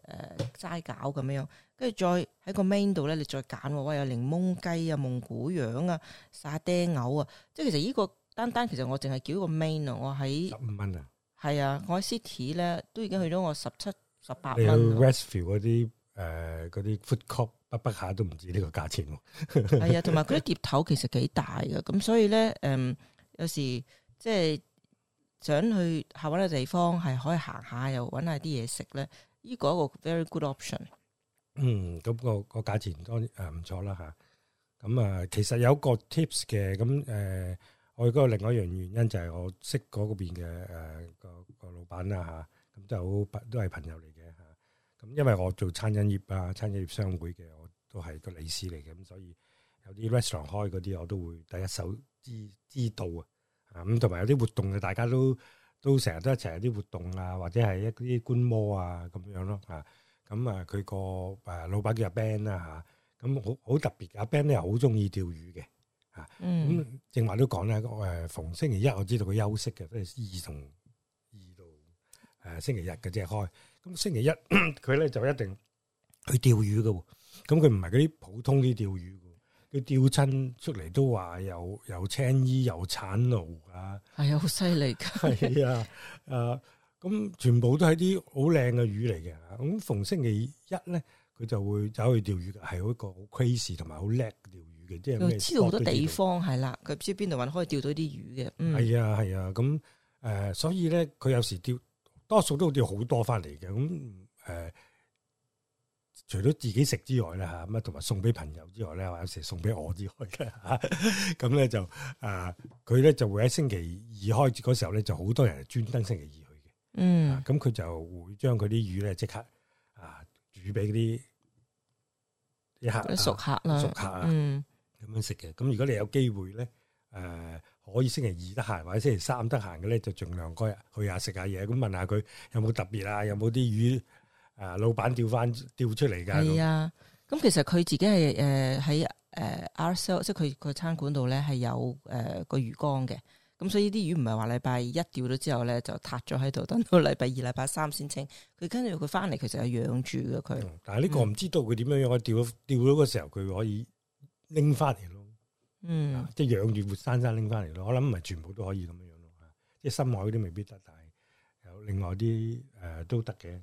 齋餃咁樣，跟住再喺個 main 度咧，你再揀，喂，有檸檬雞啊、蒙古羊啊、沙爹牛啊，即係其實呢個單單其實我淨係叫一個 main 啊，啊，我喺十五蚊啊，係啊，我喺 city 咧都已經去咗我十七十八蚊 rescue 嗰啲誒嗰啲 food cup。筆筆下都唔止呢個價錢喎，係 啊、哎，同埋佢啲碟頭其實幾大㗎，咁 所以咧，誒、嗯，有時即係想去下搵個地方，係可以行下，又搵下啲嘢食咧，呢個一個 very good option。嗯、咁、那個個價錢當然誒唔錯啦吓，咁啊，其實有個 tips 嘅，咁誒、呃，我嗰個另外一樣原因就係我識嗰、呃、個邊嘅誒個個老闆啦吓，咁就好都係朋友嚟。因為我做餐飲業啊，餐飲業商會嘅，我都係個理事嚟嘅，咁所以有啲 restaurant 開嗰啲，我都會第一手知知道啊。咁同埋有啲活動啊，大家都都成日都一齊有啲活動啊，或者係一啲觀摩啊咁樣咯啊。咁啊，佢個誒老闆叫阿 Ben 啊，嚇、啊，咁好好特別阿 Ben 咧好鍾意釣魚嘅嚇。咁正話都講咧，誒逢星期一我知道佢休息嘅，即係二同二到誒星期日嘅即係開，星期一佢咧就一定去釣魚噶咁佢唔係嗰啲普通啲釣魚，佢釣親出嚟都話有有青衣、有鏟鱸、哎、 啊，係啊，好犀利噶，係啊，誒，咁全部都係啲好靚嘅魚嚟嘅。咁、嗯、逢星期一咧，佢就會走去釣魚嘅，係一個好 crazy 同埋好叻釣魚嘅，即係知道好多地方係啦，佢唔知邊度搵可以釣到啲魚嘅，係啊，係啊，咁、嗯、誒，所以咧佢有時釣。多數都好似好多翻嚟嘅，咁、呃、誒，除咗自己食之外咧吓，咁啊，同埋送俾朋友之外咧，有時送俾我之外嘅咁咧就誒，佢咧就會喺星期二開始嗰時候咧，就好多人專登星期二去嘅，嗯，咁佢、 嗯嗯、就會將佢啲魚咧即刻啊煮俾嗰啲，一客熟客啦、啊，熟客啊，咁、嗯、樣食嘅。咁、嗯嗯、如果你有機會咧，誒、呃。可以星期二得閒或者星期三得閒嘅咧，就儘量該去下食下嘢，咁問下佢有冇特別啊？有冇啲魚啊？老闆釣翻釣出嚟噶？係啊，咁其實佢自己係誒喺誒 RSL 即係佢個餐館度咧係有誒個、呃、魚缸嘅。咁所以啲魚唔係話禮拜一釣咗之後咧就撻咗喺度，等到禮拜二、禮拜三先清。佢跟住佢翻嚟，其實係養住嘅佢。但係呢個唔知道佢點樣樣，我釣、嗯、釣到嗰時候佢可以拎翻嚟。嗯，即係養住活生生拎翻嚟咯，我諗唔係全部都可以咁樣樣咯，即係深海啲未必得，但係有另外啲誒、呃、都得嘅，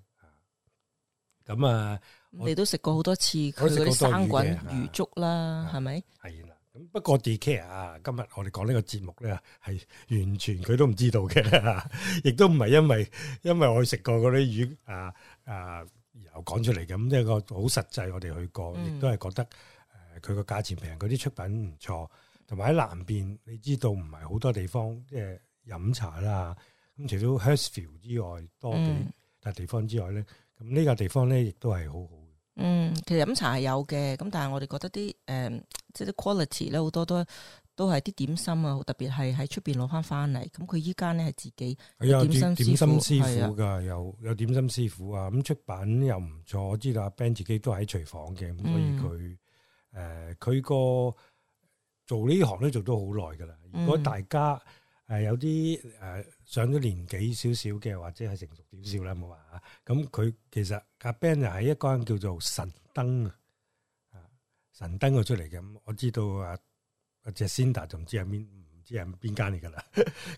咁啊，啊，我哋都食過好多次佢嗰啲生滾魚，魚粥啦，係、啊、咪？係啦的，咁不過 DK 啊，今日我哋講呢個節目咧，係完全佢都唔知道嘅，亦都唔係因為因為我食過嗰啲魚啊啊，然後講出嚟咁，一個好實際，我哋去過，亦都係覺得。佢個價錢平，嗰啲出品唔錯，同埋喺南邊，你知道唔係好多地方即係飲茶啦。咁除咗 Hurstville 之外，多啲笪地方之外咧，咁呢、嗯、個地方咧亦都係好好。嗯，其實飲茶係有嘅，咁但係我哋覺得啲誒、呃，即係啲 quality 咧，好多都都係啲點心啊，特別係喺出邊攞翻翻嚟。咁佢依間咧係自己點心師傅，係有、嗯、有點心師傅啊。咁出品又唔錯，我知道阿 Ben 自己都喺廚房嘅，咁所以佢。嗯嗯誒，佢個、呃、做呢行咧做咗好耐噶啦。如果大家誒、呃、有啲誒、呃、上咗年紀少少嘅，或者係成熟少少啦，冇話。咁佢其實阿 Ben 就喺一間叫做神燈啊，神燈佢出嚟嘅。咁我知道阿阿 Jacinda 就唔知係邊唔知係邊間嚟噶啦。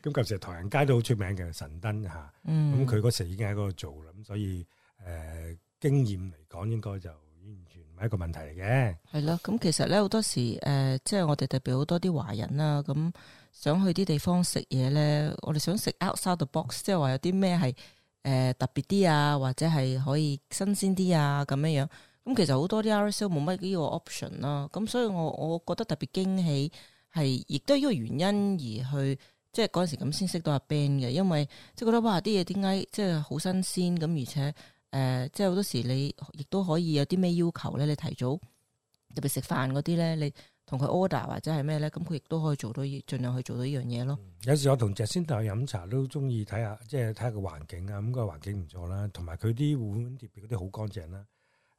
咁舊時唐人街都好出名嘅神燈吓。咁佢嗰時已經喺嗰度做啦。咁所以誒、呃、經驗嚟講，應該就。係一個問題嚟嘅，係咯。咁其實咧，好多時誒，即、呃、係、就是、我哋特別好多啲華人啦，咁想去啲地方食嘢咧，我哋想食 outside the box，即係話有啲咩係誒特別啲啊，或者係可以新鮮啲啊，咁樣樣。咁其實好多啲 RSL 都冇乜呢個 option 啦。咁所以我我覺得特別驚喜，係亦都係呢個原因而去，即係嗰陣時咁先識到阿 Ben 嘅，因為即係覺得哇，啲嘢點解即係好新鮮咁，而且。誒，即係好多時你亦都可以有啲咩要求咧？你提早特別食飯嗰啲咧，你同佢 order 或者係咩咧？咁佢亦都可以做到，盡量去做到呢樣嘢咯。有時我同 Jacinda 飲茶都中意睇下，即係睇下個環境啊。咁個環境唔錯啦，同埋佢啲碗碟嗰啲好乾淨啦。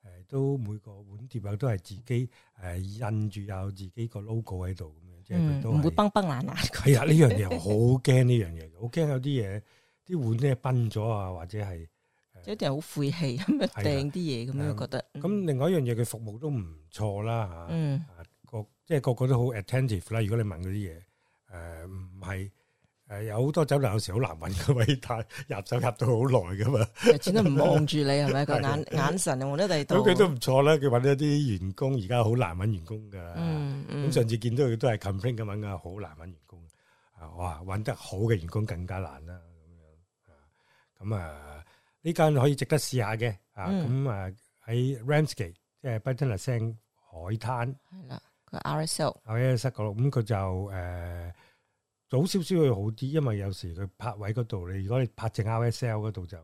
誒、呃，都每個碗碟啊都係自己誒印住有自己個 logo 喺度咁樣，即係佢都唔、嗯、會崩崩爛爛。係啊， 呢樣嘢好驚呢樣嘢，好驚有啲嘢啲碗咧崩咗啊，或者係。有啲人好晦氣咁樣掟啲嘢咁樣，覺得咁另外一樣嘢，佢服務都唔錯啦吓，個即係個個都好 attentive 啦。如果你問嗰啲嘢，誒唔係誒有好多酒樓有時好難搵噶嘛，入手入到好耐噶嘛，轉都唔望住你係咪個眼眼神我都睇到。佢都唔錯啦，佢搵一啲員工而家好難搵員工噶，咁上次見到佢都係 complain 咁樣噶，好難搵員工啊！哇，搵得好嘅員工更加難啦咁樣啊，咁啊。呢間可以值得試下嘅。啊咁啊喺 Ramsgate 即係 Brighton Le Sands 海灘係啦，個 RSL，喺一室角落，咁佢就誒早少少會好啲，因為有時佢泊位嗰度，你如果你泊正 RSL 嗰度就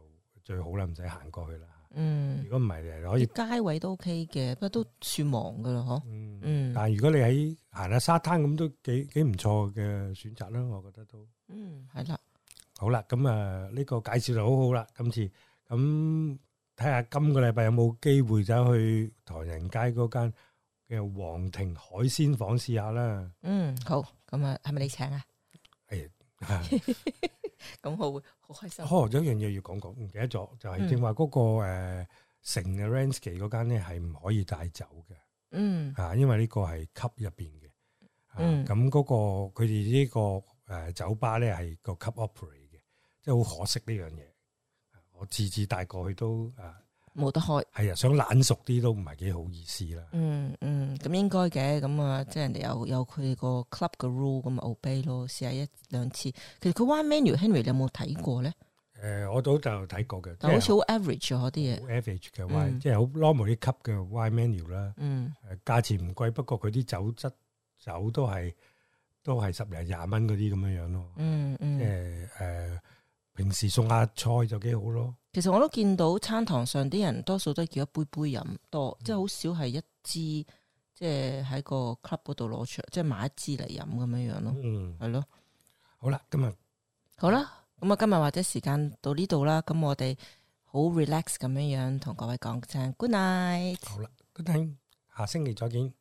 最好啦，唔使行過去啦。嗯，如果唔係咧可以街位都 OK 嘅，不過都算忙噶啦，嗬。嗯嗯，但係如果你喺行下沙灘咁都幾幾唔錯嘅選擇啦，我覺得都。嗯，係啦，好啦，咁啊呢個介紹就好好啦，今次。咁睇下今個禮拜有冇機會走去唐人街嗰間嘅皇庭海鮮坊試下啦。嗯，好，咁啊，係咪你請啊？係， 咁我會好開心。哦，有說一樣嘢要講講，唔記得咗，就係正話嗰個誒誠嘅 Ramsgate 嗰間咧係唔可以帶走嘅。嗯，吓，因為呢個係 club 入邊嘅。嗯，咁嗰個佢哋呢個誒酒吧咧係個 club operate 嘅，即係好可惜呢樣嘢。我次次帶過去都誒冇得開，係啊，想懶熟啲都唔係幾好意思啦。嗯嗯，咁應該嘅，咁啊，即係人哋有有佢個 club 嘅 rule 咁啊，obey 咯，試下一兩次。其實佢 wine menu Henry 你有冇睇過咧？誒，我都就睇過嘅，但係好似好 average 嗰啲嘢，average 嘅 wine，即係好 normal 啲級嘅 wine menu 啦。嗯，誒，價錢唔貴，不過佢啲酒質酒都係都係十零廿蚊嗰啲咁樣樣咯。嗯嗯，即係誒。平時送下菜就幾好咯。其實我都見到餐堂上啲人多數都係叫一杯杯飲多，嗯、即係好少係一支，即係喺個 club 嗰度攞出嚟即係、就是、買一支嚟飲咁樣樣咯。嗯，係咯。好啦，今日好啦，咁啊今日或者時間到呢度啦。咁我哋好 relax 咁樣樣同各位講聲 good night。嗯、好啦，good night，下星期再見。